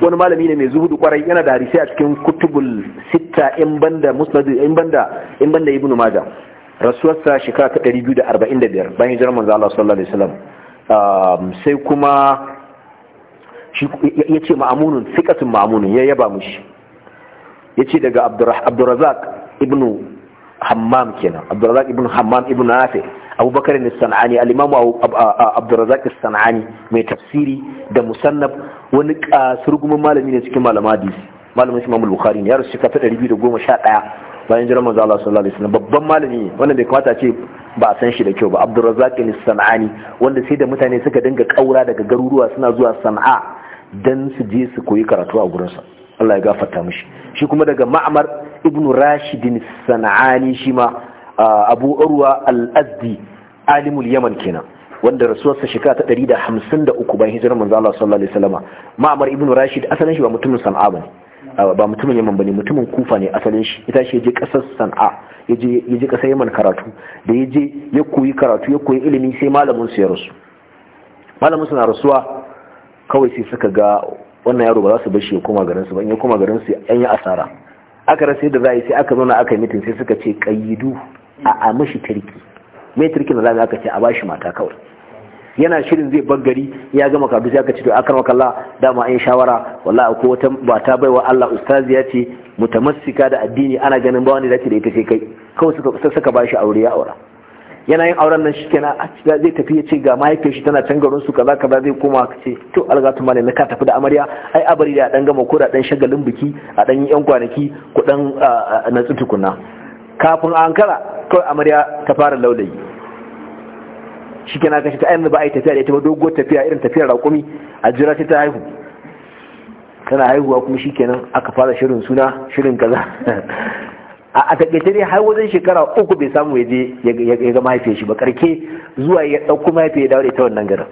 wani malami ne mai zuhudu kwarai yana da harisai a cikin kutubul sitta in banda musnad in banda in banda ibn Majah rasuwarsa shekara ta 245 bayan jiran manzo Allah sallallahu alaihi wasallam um, sai kuma shi yace ma'amunun fiqatun ma'amunun ya yaba mushi yace daga Abdurrazzaq ibn Hammam kenan Abdurrazzaq ibn Hammam ibn Nafi Abubakar al-Sanani al-Imam Abdurrazzaq al-Sanani mai tafsiri da musannaf wani kasurgumin malami ne cikin malama hadisi malamin Imam Bukhari ne ya rasu shekara ta 211 bayan jiran manzo Allah sallallahu alaihi wasallam babban malami wanda bai kamata ce ba san shi da kyau ba Abdurrazzaq al samani wanda sai da mutane suka dinga kaura daga garuruwa suna zuwa Sana'a dan su je su koyi karatu a gurinsa Allah ya gafarta mishi shi kuma daga Ma'mar ibn Rashid al-Sanani shi ma Abu Urwa al-Azdi alimul Yaman kenan wanda rasuwarsa shekara ta 153 bayan hijirar manzo Allah sallallahu alaihi wasallam Ma'mar ibn Rashid asalin shi ba mutumin Sana'a bane ba mutumin yaman bane mutumin kufa ne asalin shi ita shi je kasar san'a ya je kasar yaman karatu da ya ya koyi karatu ya koyi ilimi sai malamin su ya rasu malamin su na rasuwa kawai sai suka ga wannan yaro ba za su bar shi ya koma garin su ba in ya koma garin su an yi asara aka rasa yadda za a yi sai aka zauna aka yi mitin sai suka ce kayidu a a mashi turki mai turki na zamu aka ce a bashi mata kawai yana shirin zai bar gari ya gama kabi sai aka ce to akar kalla dama an shawara wallahi akwai wata ba ta baiwa Allah ya ce mutamassika da addini ana ganin ba wani dace da ita sai kai kawai suka saka ba shi aure ya aura yana yin auren nan shikenan zai tafi ya ce ga mahaifiyar shi tana can garin su kaza kaza zai koma ka ce to algatu na ka tafi da amarya ai abari da dan gama ko da dan shagalin biki a dan yan kwanaki ku dan na tukuna kafin a ankara kawai amarya ta fara laulayi shi kenan aka ta ayyana ba a yi tafiya da ita ba doguwar tafiya irin tafiyar raƙumi a jira ta ta haihu tana haihuwa kuma shi kenan aka fara shirin suna shirin kaza [LAUGHS] a takaice dai har wajen shekara uku bai samu ya ya ga mahaifiyar shi ba karke zuwa ya ɗauko mahaifiyar ya dawo da ita wannan garin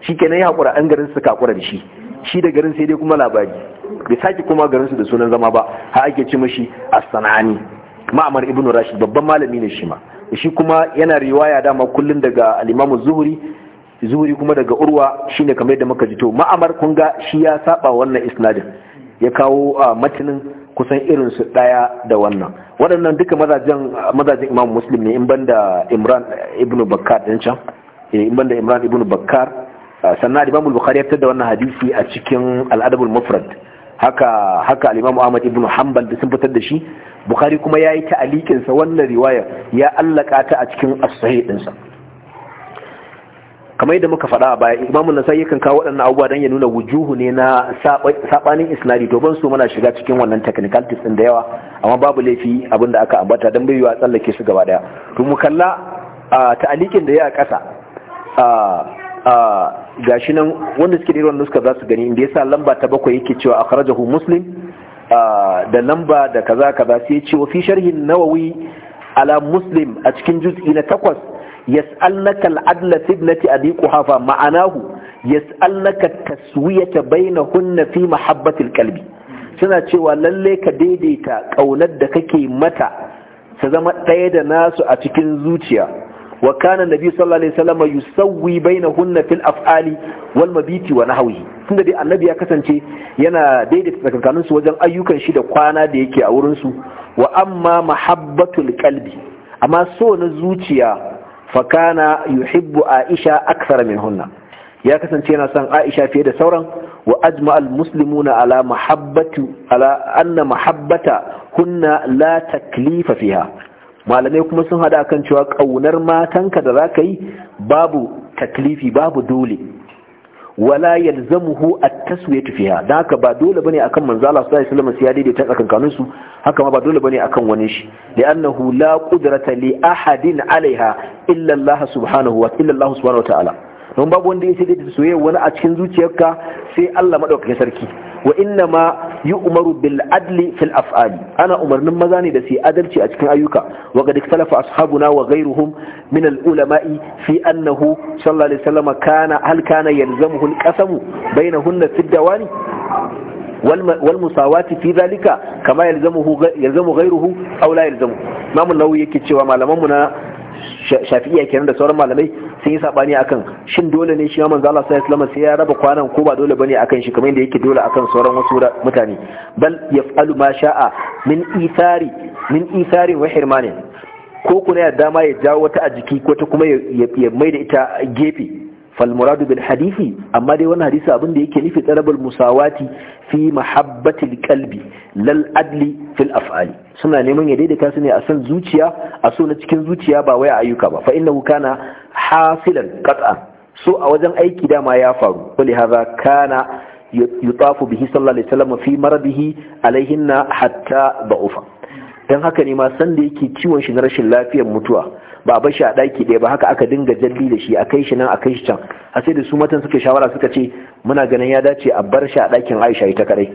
shi kenan ya haƙura an garin ka haƙura da shi shi da garin sai dai kuma labari bai sake kuma garin su da sunan zama ba har ake ci mashi as-sanani ma'amar ibnu rashid babban malami ne shi ma shi kuma yana riwaya dama kullum daga al'imamu zuhuri Zuhri Zuhri kuma daga Urwa shine kamar yadda muka ji to ma'amar kun ga shi ya saba wannan isnadin ya kawo a ah, matinin kusan irin su daya da wannan waɗannan duka mazajen mazajen Imam Muslim ne in banda Imran eh, ibn Bakkar din can eh, in banda Imran ibn Bakkar ah, sannan al'imamu Bukhari ya fitar da wannan hadisi a cikin al'adabul adab mufrad haka haka al Ahmad ibn Hanbal sun fitar da shi bukhari kuma ya yi ta'alikinsa wannan riwaya ya allaka ta a cikin asahi ɗinsa kamar da muka faɗa a baya imamu sai yakan kawo waɗannan abubuwa don ya nuna wujuhu ne na saɓanin isnadi to ban so mana shiga cikin wannan technicalities ɗin da yawa amma babu laifi abin da aka ambata don bai yiwa tsallake su gaba ɗaya to mu kalla ta'alikin da ya ƙasa gashi nan wanda suke da irin nuska za su gani inda sa lamba ta bakwai yake cewa akhrajahu muslim da lamba da kaza kaza sai ce wa fi sharhin nawawi ala muslim a cikin juz'i na takwas yas'alnaka al-adla ibnati abi quhafa ma'anahu yas'alnaka taswiyata bainahunna fi mahabbatil qalbi suna cewa lalle ka daidaita kaunar da kake mata ta zama ɗaya da nasu a cikin zuciya wa kana nabi sallallahu alaihi wasallam yusawwi fil af'ali wal mabiti wa nahwihi tunda dai annabi ya kasance yana daidaita tsakankanin su wajen ayyukan shi da kwana da yake a wurin su wa amma mahabbatul kalbi. amma so na zuciya fa yuhibbu aisha min hunna. ya kasance yana son aisha fiye da sauran wa ajma al muslimuna ala mahabbatu ala anna mahabbata hunna la taklifa fiha malamai kuma sun hada kan cewa ƙaunar matanka da za ka yi babu taklifi babu dole wala yalzamuhu at-taswiyatu fiha Da haka ba dole bane akan manzo Allah sallallahu alaihi wasallam sai ya daidaita tsakankanin su haka ma ba dole bane akan wani shi li'annahu la qudrata li ahadin alaiha illa Allah subhanahu wa illa Allah subhanahu wa ta'ala don babu wanda yake daidaita soyayya wani a cikin zuciyarka sai Allah madaukakin sarki wa inna ma yu'maru bil adli fil af'ali ana umarnin maza ne da su adalci a cikin ayyuka wa qad ikhtalafa ashabuna wa gairuhu min al ulama'i fi annahu sallallahu alaihi wasallam kana hal kana yalzamuhu al qasamu bainahunna fi dawani والمساواه في ذلك كما يلزمه يلزم غيره او لا يلزمه امام النووي yake cewa malaman mu na shafi'iyya kenan da sauran malamai sun yi sabani akan shin dole ne shi ma manzo Allah sallallahu alaihi wasallam sai ya raba kwanan ko ba dole bane akan shi kamar yadda yake dole akan sauran wasu mutane bal yaf'alu ma sha'a min ithari min ithari wa hirmani ko kuna ya dama ya jawo wata a jiki ko ta kuma ya mai da ita gefe fal muradu bil hadisi amma dai wannan hadisi abin da yake nufi talabul musawati fi mahabbatil kalbi, lal adli fil af'ali suna neman ya daidaita su ne a san zuciya a so na cikin zuciya ba wai a ayyuka ba fa innahu na? hasilan kat'a so a wajen aiki dama ya faru wali haza kana yutafu bihi sallallahu alaihi wasallam fi maradihi alaihinna hatta ba'ufa dan haka ne ma san da yake ciwon shi na rashin lafiyar mutuwa ba bashi a daki ɗaya ba haka aka dinga jalli da shi a kai shi nan a kai shi can a sai da su matan suka shawara suka ce muna ganin ya dace a bar shi a ɗakin Aisha ita kadai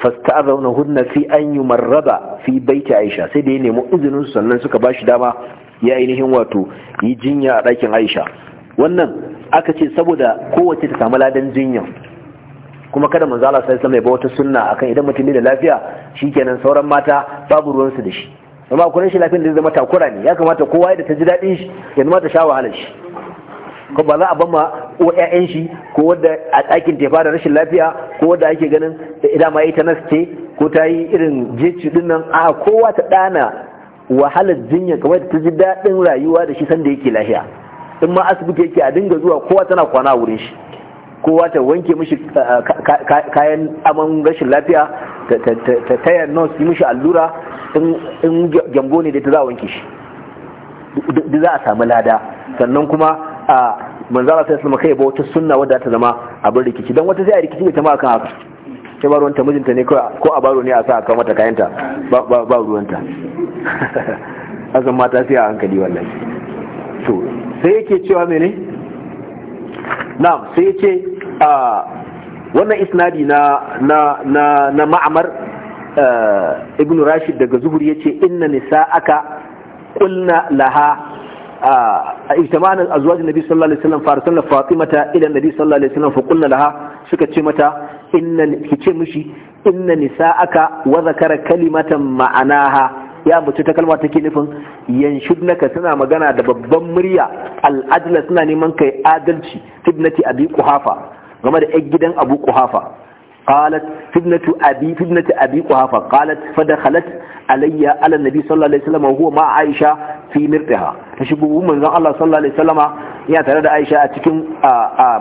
fasta'azawna hunna fi an yumarraba fi baiti Aisha sai da ya nemi izinin su sannan suka bashi dama ya ainihin wato yi jinya a ɗakin aisha wannan aka ce saboda kowace ta samu ladan jinyan. kuma kada manzo Allah sallallahu alaihi ya ba wata sunna akan idan mutum ne da lafiya shikenan sauran mata babu ruwan su da shi amma akwai rashin lafiyar da zai zama takura ne ya kamata kowa ya ta ji daɗin shi ya zama ta sha wahalar shi ko ba za a ba ma ko ƴaƴan shi ko wanda a ɗakin tefa da rashin lafiya ko wanda ake ganin idan ma ta nas ce ko ta yi irin jeci din nan a kowa ta ɗana wahalar jinya kamar ta ji daɗin rayuwa da shi sanda yake lahiya in ma asibiti yake a dinga zuwa kowa tana kwana wurin shi kowa ta wanke mishi uh, uh, kayan aman rashin lafiya ta tayar nos yi mishi allura in gyambo ne da ta za a wanke shi duk za a samu lada sannan kuma a manzara sai su kai ba wata sunna wadda ta zama abin rikici don wata sai a rikici ta ma akan haka sai ba ruwanta mijinta ne ko a baro ne a sa kawo mata kayanta ba ruwanta azan [LAUGHS] mata sai a hankali wallahi to sai yake cewa mene na'am sai yake a wannan isnadi na na na na ma'amar ibn rashid daga zuhuri yace inna aka kulna laha a الازواج azwaj nabi sallallahu alaihi wasallam فارسلنا fatimata ila nabi sallallahu alaihi wasallam fa فقلنا laha suka ce mata inna ki ce mishi inna aka wa zakara kalimatan ma'anaha ya ambaci ta kalma take nufin yanshudnaka suna magana da babban murya al'adla suna neman kai adalci fitnati abi kuhafa game da yan gidan abu kuhafa قالت فتنة أبي فتنة أبي قحافة قالت فدخلت علي على النبي صلى الله عليه وسلم وهو مع عائشة في مرتها تشبه من الله صلى الله عليه وسلم yana tare da Aisha a cikin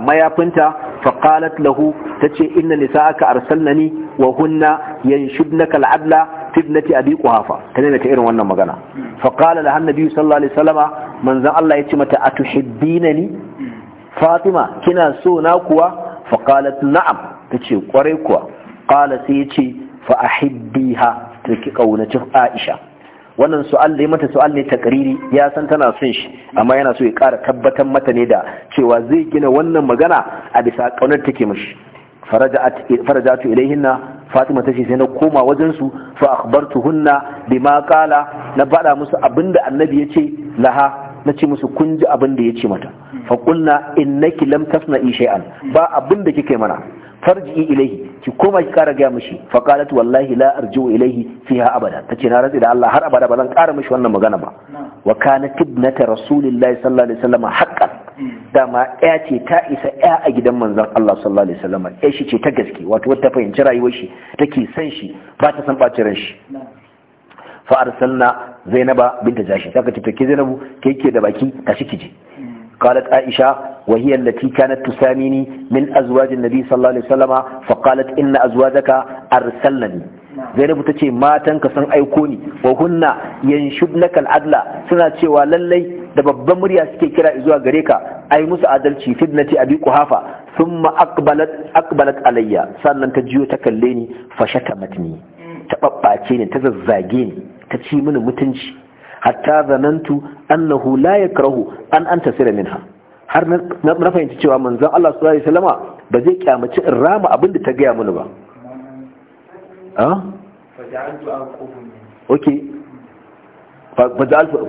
mayafinta faqalat lahu tace inna nisa'aka arsalnani wa hunna yanshudnaka al'adla fi ibnati abi quhafa tana da irin wannan magana faqala laha annabi sallallahu alaihi wasallama manzon Allah yace mata atuhibbinani Fatima kina so na kuwa faqalat na'am tace kwarai kuwa qala sai yace fa ahibbiha take kaunaci Aisha wannan su'al da mata su'al ne takriri ya san tana son shi amma yana so ya ƙara tabbatar mata ne da cewa zai gina wannan magana a bisa ƙaunar take mashi farajatu ilaihinna Fatima ta ce sai na koma wajen su fa tuhunna bima qala na faɗa musu abinda annabi ya ce laha na ce musu kun ji abinda ya ce mata fa qulna innaki lam tasna'i shay'an ba abinda kike mana farji ilaihi ki koma ki kara gaya mishi fa qalat wallahi la arji'u ilaihi fiha abada tace na rantsi da Allah har abada ba zan kara mishi wannan magana ba wa kanat ta rasulillahi sallallahu alaihi wasallam haqqan hmm. dama ya ce ta isa ya a gidan manzon Allah sallallahu alaihi wasallam ya shi ce ta gaske wato wata fahimci rayuwar shi take san shi ba ta san bacin ran shi fa arsalna zainaba binta jashi saka ta ke zainabu ke ke da baki ki kije hmm. qalat aisha Wahiyar التي كانت تساميني من أزواج النبي صلى الله عليه وسلم فقالت إن أزواجك أرسلني Zainabu ta ce matan ka sun aiko ni wa hunna yanshubnaka al'adla suna cewa lallai da babban murya suke kira zuwa gare ka ai musu adalci fitnati abi quhafa thumma aqbalat aqbalat alayya sannan ta jiyo ta kalle ni fa shatamatni ta babbace ni ta zazzage ni ta ci mini mutunci hatta zanantu annahu la yakrahu an antasira minha har na fahimci cewa manzan Allah su zai salama ba zai kyamaci in rama abin da ta gaya mana ba ah? ok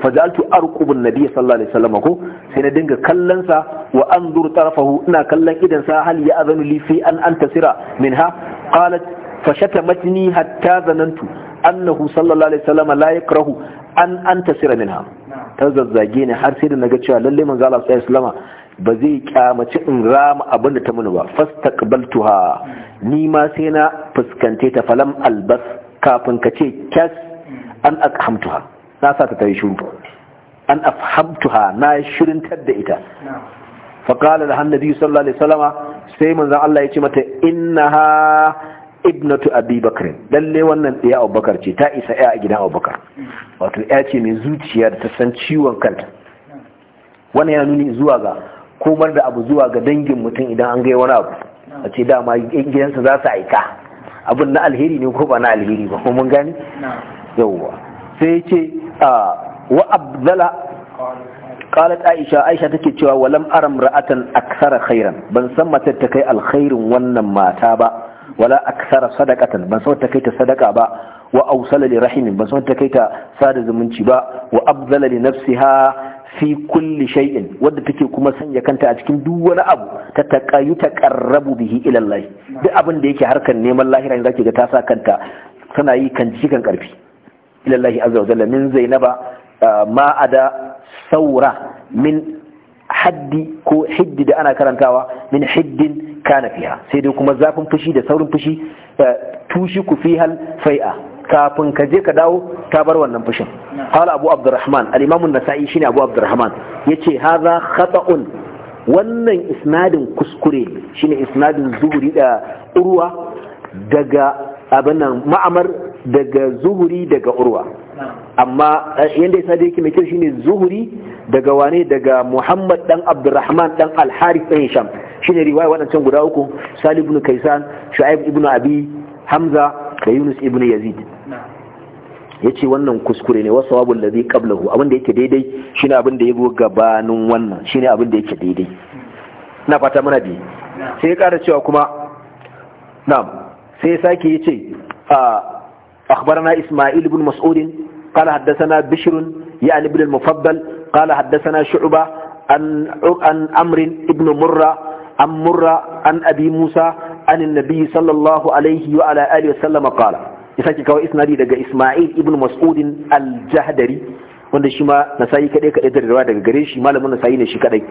faja'altu na nabiy sallallahu alaihi wasallam ko sai na dinga kallonsa wa an zuru tarafahu ina kallon idan sa hal ya azanu li fi an tasira antasira minha qalat fashatamatni hatta zanantu annahu sallallahu alaihi wasallam la yakrahu an an tasira min ha ta zazzage ni har sai da naga cewa lalle manzo Allah sallallahu alaihi wasallama ba zai kyamaci in rama abin da ta muni ba fastaqbaltuha ni ma sai na fuskante ta falam albas kafin ka ce kyas an afhamtuwa na sa ta tayi shuru an afhamtuwa na shirintar da ita faƙalar qala sallallahu alaihi wasallama sai manzan Allah ya ce mata ha ibnatu abi bakar lalle wannan ɗaya abubakar ce ta isa ya a gidan abubakar wato ya ce mai zuciya da ta san ciwon kanta Wani ya nuni zuwa ga komar da abu zuwa ga dangin mutum idan an gai wani abu a ce dama yan gidansa za su aika abin na alheri ne ko ba na alheri ba mun gani yauwa sai ce wa abdala qalat aisha aisha take cewa walam aram ra'atan aksara khairan ban san mace ta kai alkhairin wannan mata ba wala aksara sadaqatan ban san ta kai ta sadaka ba wa awsala li rahimin ban san ta kai ta sada zumunci ba wa abdala li nafsiha fi kulli shay'in wadda take kuma sanya kanta a cikin duk wani abu ta taqayu taqarrabu bihi ila Allah duk abin da yake harkan neman lahira ne zaki ga ta sa kanta tana yi kan cikin karfi ila Allah azza wa jalla min zainaba ah, ma ada saura min haddi ko hiddi da ana karantawa min hiddin kana fiha sai dai kuma zafin fushi da saurin fushi ah, tushi ku fi hal fai'a kafin ka je ka dawo ta bar wannan fushin qala abu abdurrahman al-imam an-nasa'i shine abu abdurrahman yace hadha khata'un wannan isnadin kuskure shine isnadin zuhuri da urwa daga abin nan ma'amar daga zuhuri daga urwa amma eh, yadda ya sadi yake mai kyau shine zuhuri daga wane daga muhammad dan abdurrahman dan alharis dan sham shine riwaya waɗancan guda uku salih ibn kaisan shu'aib ibn abi hamza da yunus ibn yazid ya ce wannan kuskure ne wasu abun da zai kablahu abinda yake daidai shi ne abinda ya gabanin wannan shi ne abinda yake daidai na fata mana biyu sai ya kara cewa kuma na sai ya sake ya ce a akbarana ismail bin mas'udin kala haddasana bishirun ya ali mafabbal, mufaddal kala haddasana shu'uba an amrin ibn murra an murra an abi musa an annabi sallallahu alaihi wa ala alihi wa sallama ya sake kawo isnadi daga Isma'il ibn Mas'udin al-Jahdari wanda shi ma Nasa'i kadai kadai da rawa daga gare shi malamin Nasa'i ne shi kadai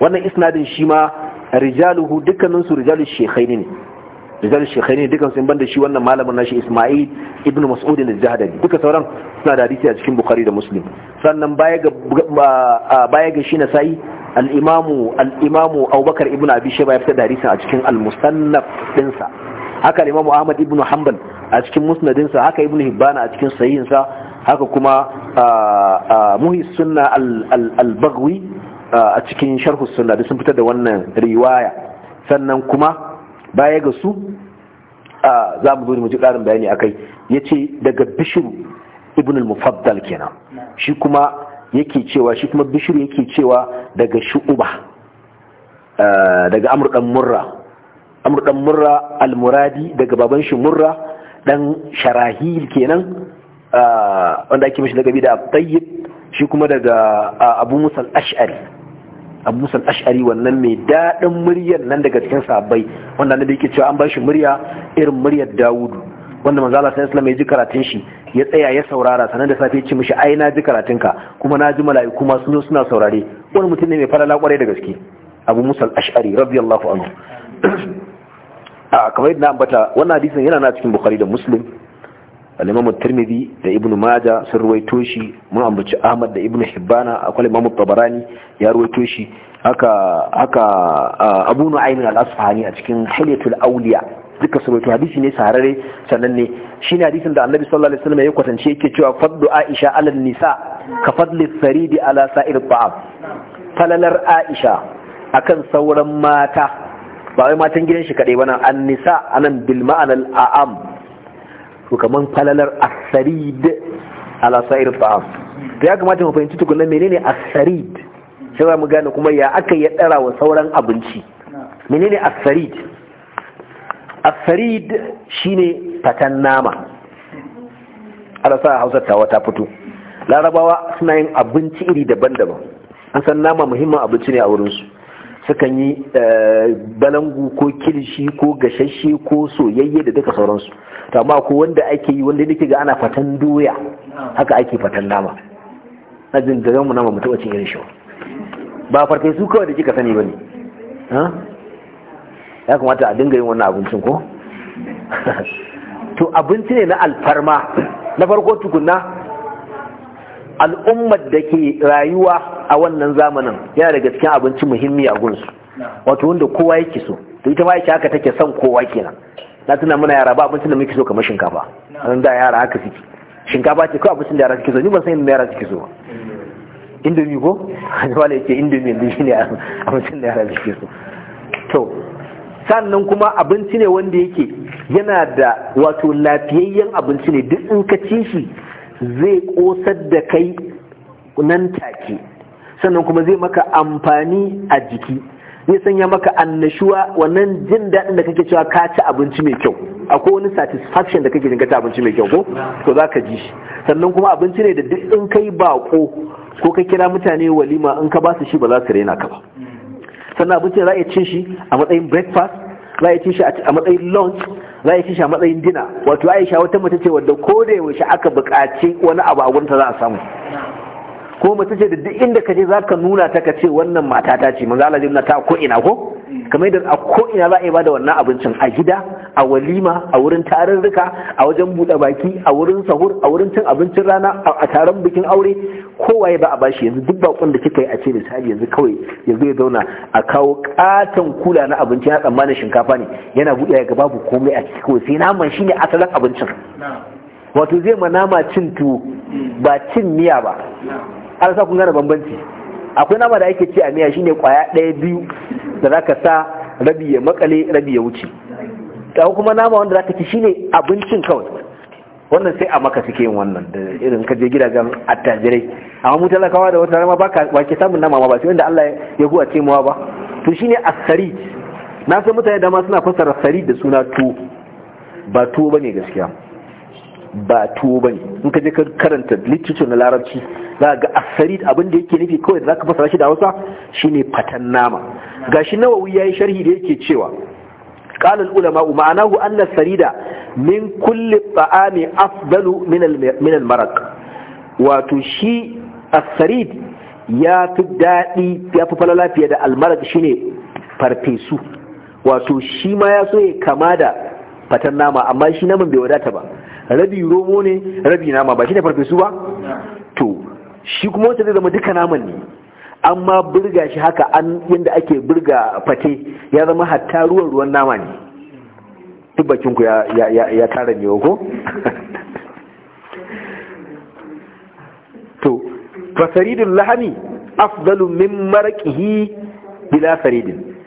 wannan isnadin shi ma rijaluhu dukkanin su rijalul shaykhaini ne rijalul shaykhaini dukkan sun banda shi wannan malamin nashi Isma'il ibn Mas'udin al-Jahdari duka sauran suna da hadisi a cikin Bukhari da Muslim sannan baya ga baya ga shi Nasa'i al-Imamu al-Imamu Abubakar ibn Abi Shayba ya fita da hadisi a cikin al-Musannaf dinsa haka al-Imamu Ahmad ibn Hanbal a cikin musnadinsa haka ibn hibbana a cikin sahihinsa haka kuma muhi sunna al a cikin sharhu sunna da sun fitar da wannan riwaya sannan kuma baya ga su za mu zo mu ji ƙarin bayani akai yace daga bishiru ibn al-mufaddal kenan shi kuma yake cewa shi kuma bishiru yake cewa daga shu'uba daga amr murra amr murra al-muradi daga baban shi murra dan sharahil kenan wanda ake mashi lagabi da tayyib shi kuma daga abu musal ash'ari abu musal ash'ari wannan mai daɗin muryar nan daga cikin sahabbai wanda annabi yake cewa an ba shi murya irin muryar dawudu wanda manzo Allah sallallahu alaihi ya ji karatun shi ya tsaya ya saurara sanan da safe ya ce mishi ai na ji karatun ka kuma na ji mala'iku ma sun suna saurare wani mutum ne mai falala kwarai da gaske abu musal ash'ari radiyallahu anhu a kamar yadda ambata wannan hadisin yana na cikin bukhari da muslim al-imam tirmidhi da ibnu majah sun ruwaito shi mun ambaci ahmad da ibnu hibbana akwai imam tabarani ya ruwaito shi haka haka abu nu'aym al-asfahani a cikin hilyatul awliya duka su ruwaito hadisi ne sarare sannan ne shine hadisin da annabi sallallahu alaihi wasallam ya kwatance yake cewa faddu aisha ala nisa ka fadli saridi ala sa'ir ta'am falalar aisha akan sauran mata ba wai matan gidan shi kadai bana annisa anan bil ma'anal a'am to kaman falalar asarid ala sa'ir ta'am to ya kamata mu fahimci tukunna menene asarid sai za mu gane kuma ya aka ya dara wa sauran abinci menene asarid asarid shine fatan nama ala sa Hausa tawa ta fito larabawa suna yin abinci iri daban-daban an san nama muhimmin abinci ne a wurinsu sukan yi eh, balangu ko kilishi ko gashashe ko soyayye da duka sauransu to amma ko wanda ake yi wanda nake ga ana fatan doya haka ake fatan nama na jin da mu nama mutum cin irin shawar ba farfe su kawai da kika sani ba ne. ya kamata a dinga yin wannan abincin ko [LAUGHS] to abinci ne na alfarma na farko tukunna al'ummar da ke rayuwa a wannan zamanin yana daga cikin abinci muhimmi a gunsu wato wanda kowa yake so to ita ma haka take son kowa kenan na tuna muna yara ba abincin da muke so kamar shinkafa an da yara haka suke shinkafa ce kawai abincin da yara suke so ni ban san inda yara suke so indomi ko hannu [LAUGHS] wala yake indomi yanzu shi ne abincin da yara suke so to sannan kuma abinci ne wanda yake yana da wato lafiyayyen abinci ne duk in ka ci shi zai ƙosar da kai nan take sannan kuma zai maka amfani a jiki zai sanya maka annashuwa wannan jin daɗin da kake cewa ka ci abinci mai kyau akwai wani satisfaction da kake jin ka abinci mai kyau ko to za ka ji shi sannan kuma abinci ne da duk in kai baƙo ko ka kira mutane walima in ka ba su shi ba za su raina ka ba sannan abinci za a ci shi a matsayin breakfast za a ci shi a matsayin lunch za a ci matsayin dina wato aisha wata mace ce wadda ko da yaushe aka buƙaci wani abu a gurinta za a samu ko mace ce da duk inda ka je zaka nuna ta ka ce wannan mata ta ce manzo Allah zai ta ko ina ko kamar idan a ko ina za a yi bada wannan abincin a gida a walima a wurin tarurruka a wajen buɗe baki a wurin sahur a wurin cin abincin rana a taron bikin aure kowaye ba a bashi yanzu duk bakon da kika yi a ce misali yanzu kawai yanzu ya zauna a kawo katon kula na abinci na tsammanin shinkafa ne yana buɗe ga babu komai a ciki kawai sai naman shi ne asalin abincin wato zai ma nama cin tuwo hmm. ba cin miya ba an sa kun gane bambanci akwai nama da ake ci a miya shine kwaya ɗaya biyu da zaka sa rabi ya makale rabi ya wuce ta kuma nama wanda za zaka ci shine abincin kawai wannan sai a maka suke yin wannan da irin kaje gidajen attajirai amma mu talakawa da wata rama ba ke samun nama ba sai wanda Allah ya huwa ce muwa ba to shine asari na san mutane da ma suna fassara asari da suna to ba to bane gaskiya ba to bane in ka ka karanta literature na larabci za ga asari abin da yake nufi kawai zaka fassara shi da Hausa shine fatan nama gashi Nawawi yayi sharhi da yake cewa qala al ulama ma'anahu anna sarida min kulli ta'ami afdalu min al-maraq wato shi as-sarid ya fi daɗi ya fi falala fiye da al shine farfesu wato shi ma ya so ya kama da fatan nama amma shi naman bai wadata ba rabi romo ne rabi nama ba shi ne farfesu ba to shi kuma wata zai zama duka naman ne amma burga shi haka an yadda ake burga fate ya zama hatta ruwan ruwan nama ne duk bakin ku ya tara ne ko to fasaridul lahami afdalu min marqihi bila faridin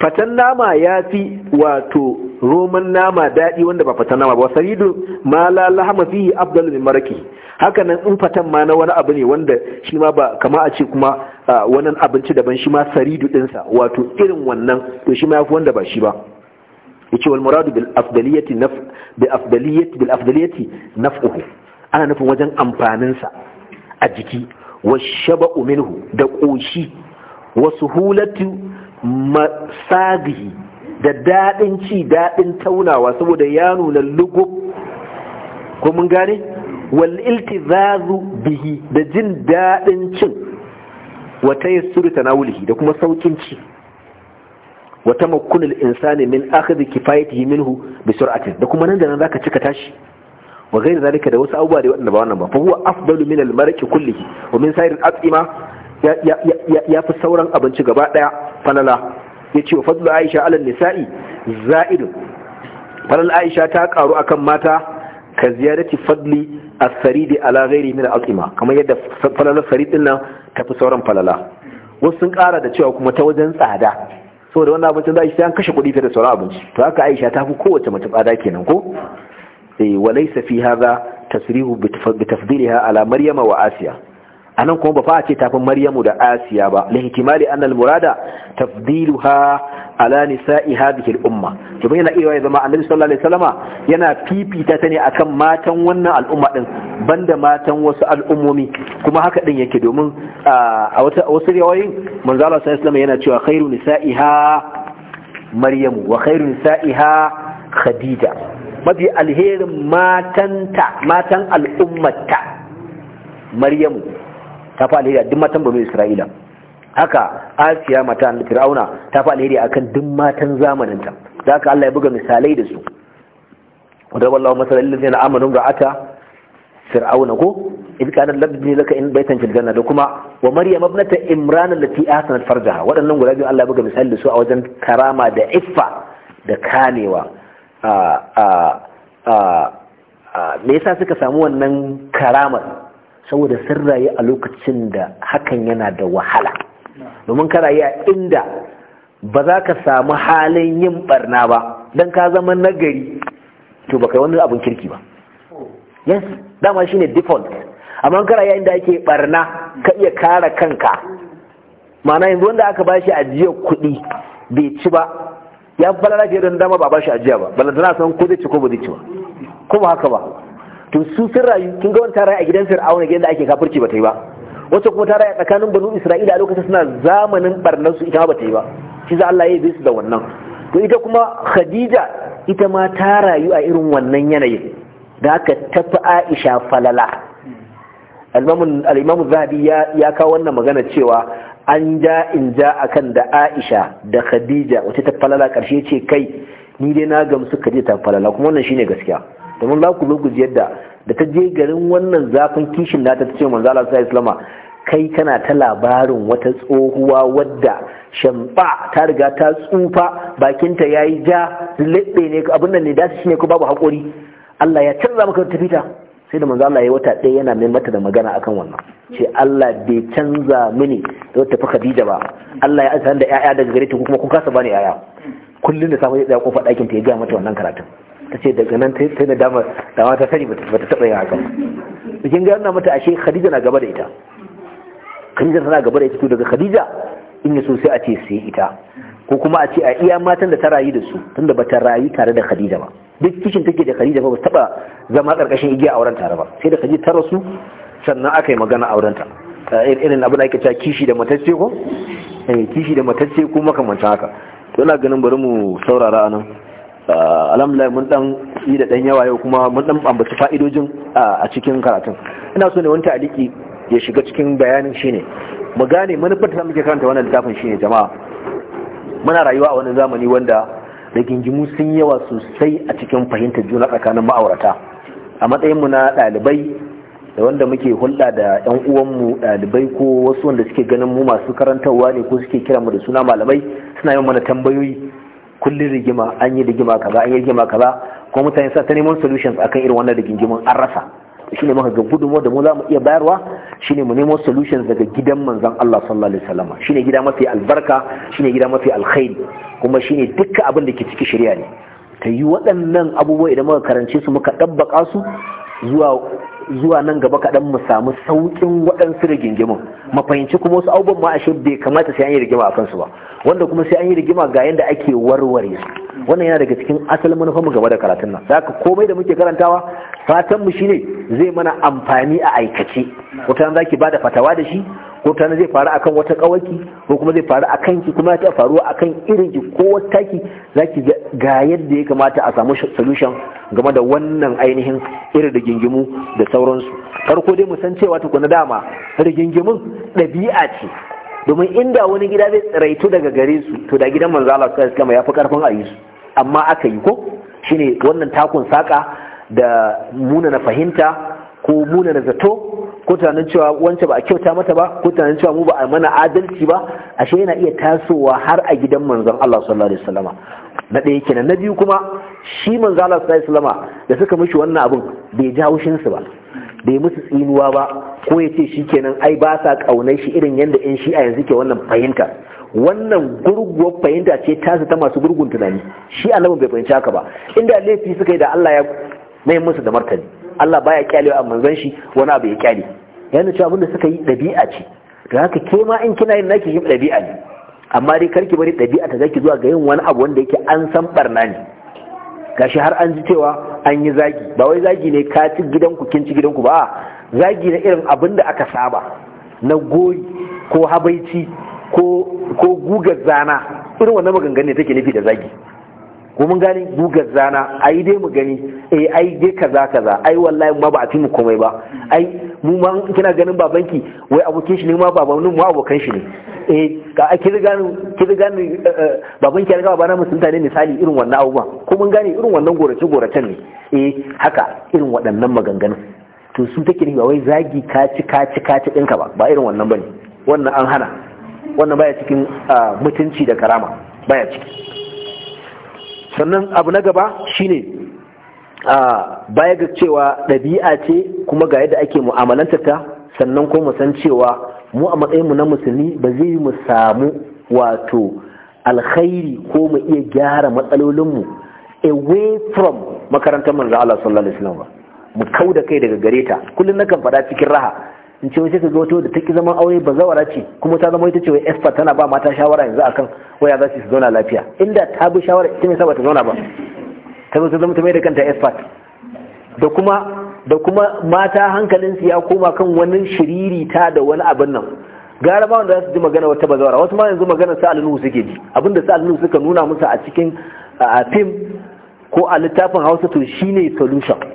fatan nama ya fi wato roman nama daɗi wanda ba fatan nama ba saridu ma la lahama fi afdalu min maraki haka in fatan ma na wani abu ne wanda shi ma ba kama a ce kuma wannan abinci daban shi ma saridu dinsa wato irin wannan to shi ma yafi wanda ba shi ba yace wal muradu bil afdaliyati naf bi afdaliyati bil afdaliyati naf'uhu ana nufin wajen amfanin sa a jiki wa shaba'u minhu da koshi wa suhulatu masagihi da dadin ci dadin taunawa saboda ya nuna lugu ko mun gane wal iltizazu bihi da jin dadin cin wa tayassuru tanawulihi da kuma saukin ci wa tamakkunul insani min akhdhi kifayatihi minhu bi sur'atin da kuma nan da nan zaka cika tashi wa ghayr zalika da wasu abubuwa da waɗanda ba wannan ba fa huwa afdalu min al-marqi kullihi wa min al at'ima ya fi sauran abinci gaba daya falala yace wa fadlu aisha ala nisa'i za'idun falal aisha ta karu akan mata ka ziyarati fadli as-saridi ala ghairi min al-atima kamar yadda falalar sarid din nan tafi sauran falala wasu sun kara da cewa kuma ta wajen tsada saboda wannan abincin za a yi kashe kuɗi fiye da sauran abinci to haka aisha ta fi kowace mace tsada kenan ko eh walaysa fi hadha tasrihu bi tafdiliha ala maryama wa asiya anan kuma ba fa a ce tafin maryamu da asiya ba la hikimali annal murada tafdiluha ala nisa'i hadhihi al-umma to yana iya ya zama annabi sallallahu alaihi wasallama yana fifita ta ne akan matan wannan al'umma din banda matan wasu al'ummomi kuma haka din yake domin a wasu riwayoyin manzo Allah sallallahu alaihi yana cewa khairu nisa'iha maryamu wa khairu nisa'iha khadija mafi alherin matanta matan al'ummata maryamu ta fi alheri a duk matan bani isra'ila haka asiya mata da firauna ta fi alheri a kan duk matan ta za ka allah ya buga misalai da su wadda wallah wa masalai lalzai na amanin ra'ata firauna ko in ka nan lalzai ne zaka in baitan filganna da kuma wa mariya mabnata imran da fi asanar farjaha waɗannan guda biyu allah ya buga misalai da su a wajen karama da iffa da kamewa a a a me yasa suka samu wannan karamar saboda sirraye a lokacin da hakan yana da wahala domin ka rayu a inda ba za ka samu halin yin barna ba don ka zama nagari to ba kai wani abin kirki ba yes dama shi ne default amma ka rayu inda ake barna ka iya kara kanka ma'ana yanzu wanda aka ba bashi ajiyar kuɗi bai ci ba ya fi balala ke don dama ba bashi ajiya ba balantana san ko zai ci ko ba zai ci ba ko ba haka ba to su sun rayu kin ga wani ta a gidan fir'aun gidan da ake kafirci ba ta yi ba wacce kuma ta rayu a tsakanin banu isra'ila a lokacin suna zamanin barnar su ita ba ta yi ba shi za Allah ya yi su da wannan to ita kuma khadija ita ma ta rayu a irin wannan yanayin da haka tafi aisha falala al-imamu zahabi ya kawo wannan magana cewa an ja in ja akan da aisha da khadija wace ta falala karshe ce kai ni dai na gamsu khadija ta falala kuma wannan shine gaskiya domin za ku zo ku yadda da ta je garin wannan zafin kishin nata ta ce manzala sa islama kai kana ta labarin wata tsohuwa wadda shamba ta riga ta tsufa bakinta yayi ja laɓe ne abin nan ne da shi ne ko babu hakuri Allah ya canza maka fita sai da manzo Allah ya wata ɗaya yana mai mata da magana akan wannan ce Allah bai canza mini da wata tafi Khadija ba Allah ya azan da ƴaƴa daga gare ta kuma kun kasa bani ƴaƴa kullun da safe ya tsaya kofar ɗakin ta ya ga mata wannan karatun ta ce daga nan ta da damar dama ta sani ba ta taɓa yin haka bikin ga nuna mata ashe khadija na gaba da ita khadija tana gaba da ita to daga khadija in yi so sai a ce sai ita ko kuma a ce a iya matan da ta rayu da su tunda ba ta rayu tare da khadija ba duk kishin take da khadija ba ba taɓa zama ƙarƙashin igiya a wurin tare ba sai da khadija ta rasu sannan aka yi magana a aurenta irin abin da ake cewa kishi da matacce ko eh, kishi da matacce ko haka to ina ganin bari mu saurara a nan Ah, alhamdulillah mun dan yi da dan yawa yau kuma mun dan ambaci fa'idojin ah, a cikin karatun ina so ne wani ta'aliki ya shiga cikin bayanin shine mu gane manufar da muke karanta wannan littafin shine jama'a muna rayuwa a wani zamani wanda rigingimu sun yawa sosai a cikin fahimtar juna tsakanin ma'aurata a matsayin mu na dalibai da wanda muke hulɗa da 'yan mu ɗalibai ko wasu wanda suke ganin mu masu karantarwa ne ko suke kira mu da suna malamai suna yin mana tambayoyi kullun rigima an yi rigima kaza an yi rigima kaza ko mutane sa ta neman solutions akan irin wannan rigingimin an rasa shine muka ga gudunmu da mu za mu iya bayarwa shine mu nemo solutions daga gidan manzon Allah sallallahu alaihi wasallam shine gida mafi albarka shine gida mafi alkhairi kuma shine dukkan abin da ke cikin shari'a ne ta yi waɗannan abubuwa idan muka karance su muka ɗabbaka su zuwa zuwa nan gaba kaɗan mu samu sauƙin waɗansu rigingimin mafahimci kuma wasu abubuwan ma ashe bai kamata sai an yi rigima a kansu ba wanda kuma sai an yi rigima ga yadda ake warware su wannan yana daga cikin asalin manufarmu gaba da karatun nan da komai da muke karantawa fatan mu shine zai mana amfani a aikace wata za ki da fatawa da shi ko tana zai faru akan wata kawaki ko kuma zai faru akan ki kuma ta faruwa akan irin ki ko wata ki zaki ga yadda ya kamata a samu solution game da wannan ainihin irin rigingimu da sauransu farko dai mu san cewa tukuna dama rigingimun ɗabi'a ce domin inda wani gida zai tsiraitu daga gare su to da gidan manzo Allah sallallahu alaihi ya fi karfin a su amma aka yi ko shine wannan takun saka da muna na fahimta ko muna na zato ko tunanin cewa wancan ba a kyauta mata ba ko tunanin cewa mu ba a mana adalci ba ashe yana iya tasowa har a gidan manzon Allah sallallahu alaihi wasallama na ɗaya kenan na biyu kuma shi manzon Allah sallallahu alaihi wasallama da suka mishi wannan abun bai ja haushin su ba bai musu tsinuwa ba ko ya ce shi kenan ai ba sa kaunar shi irin yadda shi a yanzu ke wannan fahimta wannan gurguwar fahimta ce tasu ta masu gurgun tunani shi annabin bai fahimci haka ba inda laifi suka yi da Allah ya mai musu da martani Allah baya kyale amma manzon shi wani abu ya kyale yana cewa abin suka yi ɗabi'a ce Da haka ke ma in kina yin naki yin ɗabi'a ne amma dai ki bari dabi'a ta zaki zuwa ga yin wani abu wanda yake an san barna ne gashi har an ji cewa an yi zagi ba wai zagi ne ka ci gidanku kin ci gidanku ba zagi na irin abin da aka saba na goyi ko habaici ko gugar zana irin wannan maganganu ne take nufi da zagi ko mun gane gugar zana ai dai mu gani eh ai dai kaza kaza ai wallahi ma ba a fi mu komai ba ai mu ma kina ganin babanki wai abokin shi ne ma babanin mu abokan shi ne eh ka a riga gani ki gani eh, eh, babanki ya riga babana musulunta ne misali irin wannan abubuwan ko mun gane irin wannan gorace goracen ne eh haka irin waɗannan maganganun to su take ne ba wai zagi ka ci ka ci ka ci ɗinka ba ba irin wannan bane wannan an hana wannan baya cikin ah, mutunci da karama baya ciki sannan abu na gaba shine a baya ga cewa ɗabi'a ce kuma ga yadda ake mu'amalanta ta sannan kuma san cewa mu a matsayin mu na musulmi ba zai mu samu wato alkhairi ko mu iya gyara matsalolinmu away from makarantar manzo Allah sallallahu alaihi wasallam ba mu da kai daga gare ta kullun nakan fada cikin raha in ce wace ka ga wato da ta ki zaman aure ba zawara ce kuma ta zama ita ce wai expert tana ba mata shawara yanzu akan waya za su zauna lafiya inda ta bi shawara ita ne saba ta zauna ba ta zo ta zama ta mai da kanta expert da kuma da kuma mata hankalinsu ya koma kan wani shiriri ta da wani abin nan gara ba wanda za su ji magana wata ba zawara. wasu ma yanzu magana sa alnu suke ji abinda sa alnu suka nuna musu a cikin a fim ko a littafin hausa to shine solution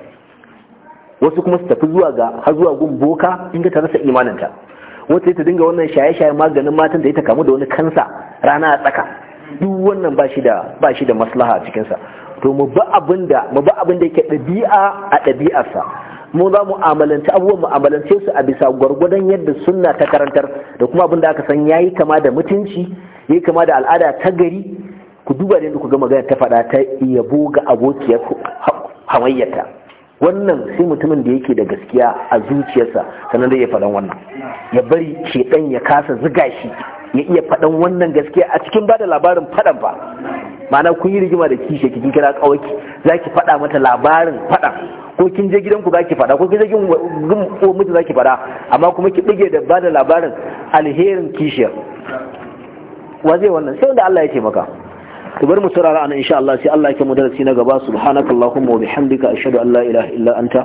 wasu kuma su tafi zuwa ga har zuwa gun boka in ga ta rasa imaninta wata ta dinga wannan shaye-shaye maganin matan da ita kamu da wani kansa rana a tsaka duk wannan ba shi da ba shi da maslaha a cikinsa to mu ba abin da mu ba abin yake ɗabi'a a ɗabi'arsa mu za mu amalanci abubuwan mu'amalance su a bisa gwargwadon yadda sunna ta karantar da kuma abin da aka san yayi kama da mutunci yayi kama da al'ada ta gari ku duba da yadda ku ga magana ta faɗa ta yabo ga abokiyar hamayyata wannan sai mutumin da yake da gaskiya a zuciyarsa sanar zai iya faɗan wannan ya bari shedan ya kasa ziga shi ya iya faɗan wannan gaskiya a cikin bada labarin faɗan ba ma'ana kun yi rigima da kishe ki kin kira kawaki ki faɗa mata labarin faɗan ko kin je gidanku ki faɗa ko kin je gidan ko za ki faɗa amma kuma ki dige da ba da labarin alherin kishiyar wa zai wannan sai wanda Allah ya ce maka to bar mu saurara anan insha Allah sai Allah yake mu darasi na gaba subhanakallahumma wa bihamdika ashhadu an la ilaha illa anta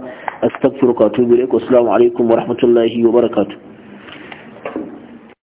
astaghfiruka wa atubu ilaik assalamu alaikum wa rahmatullahi wa barakatuh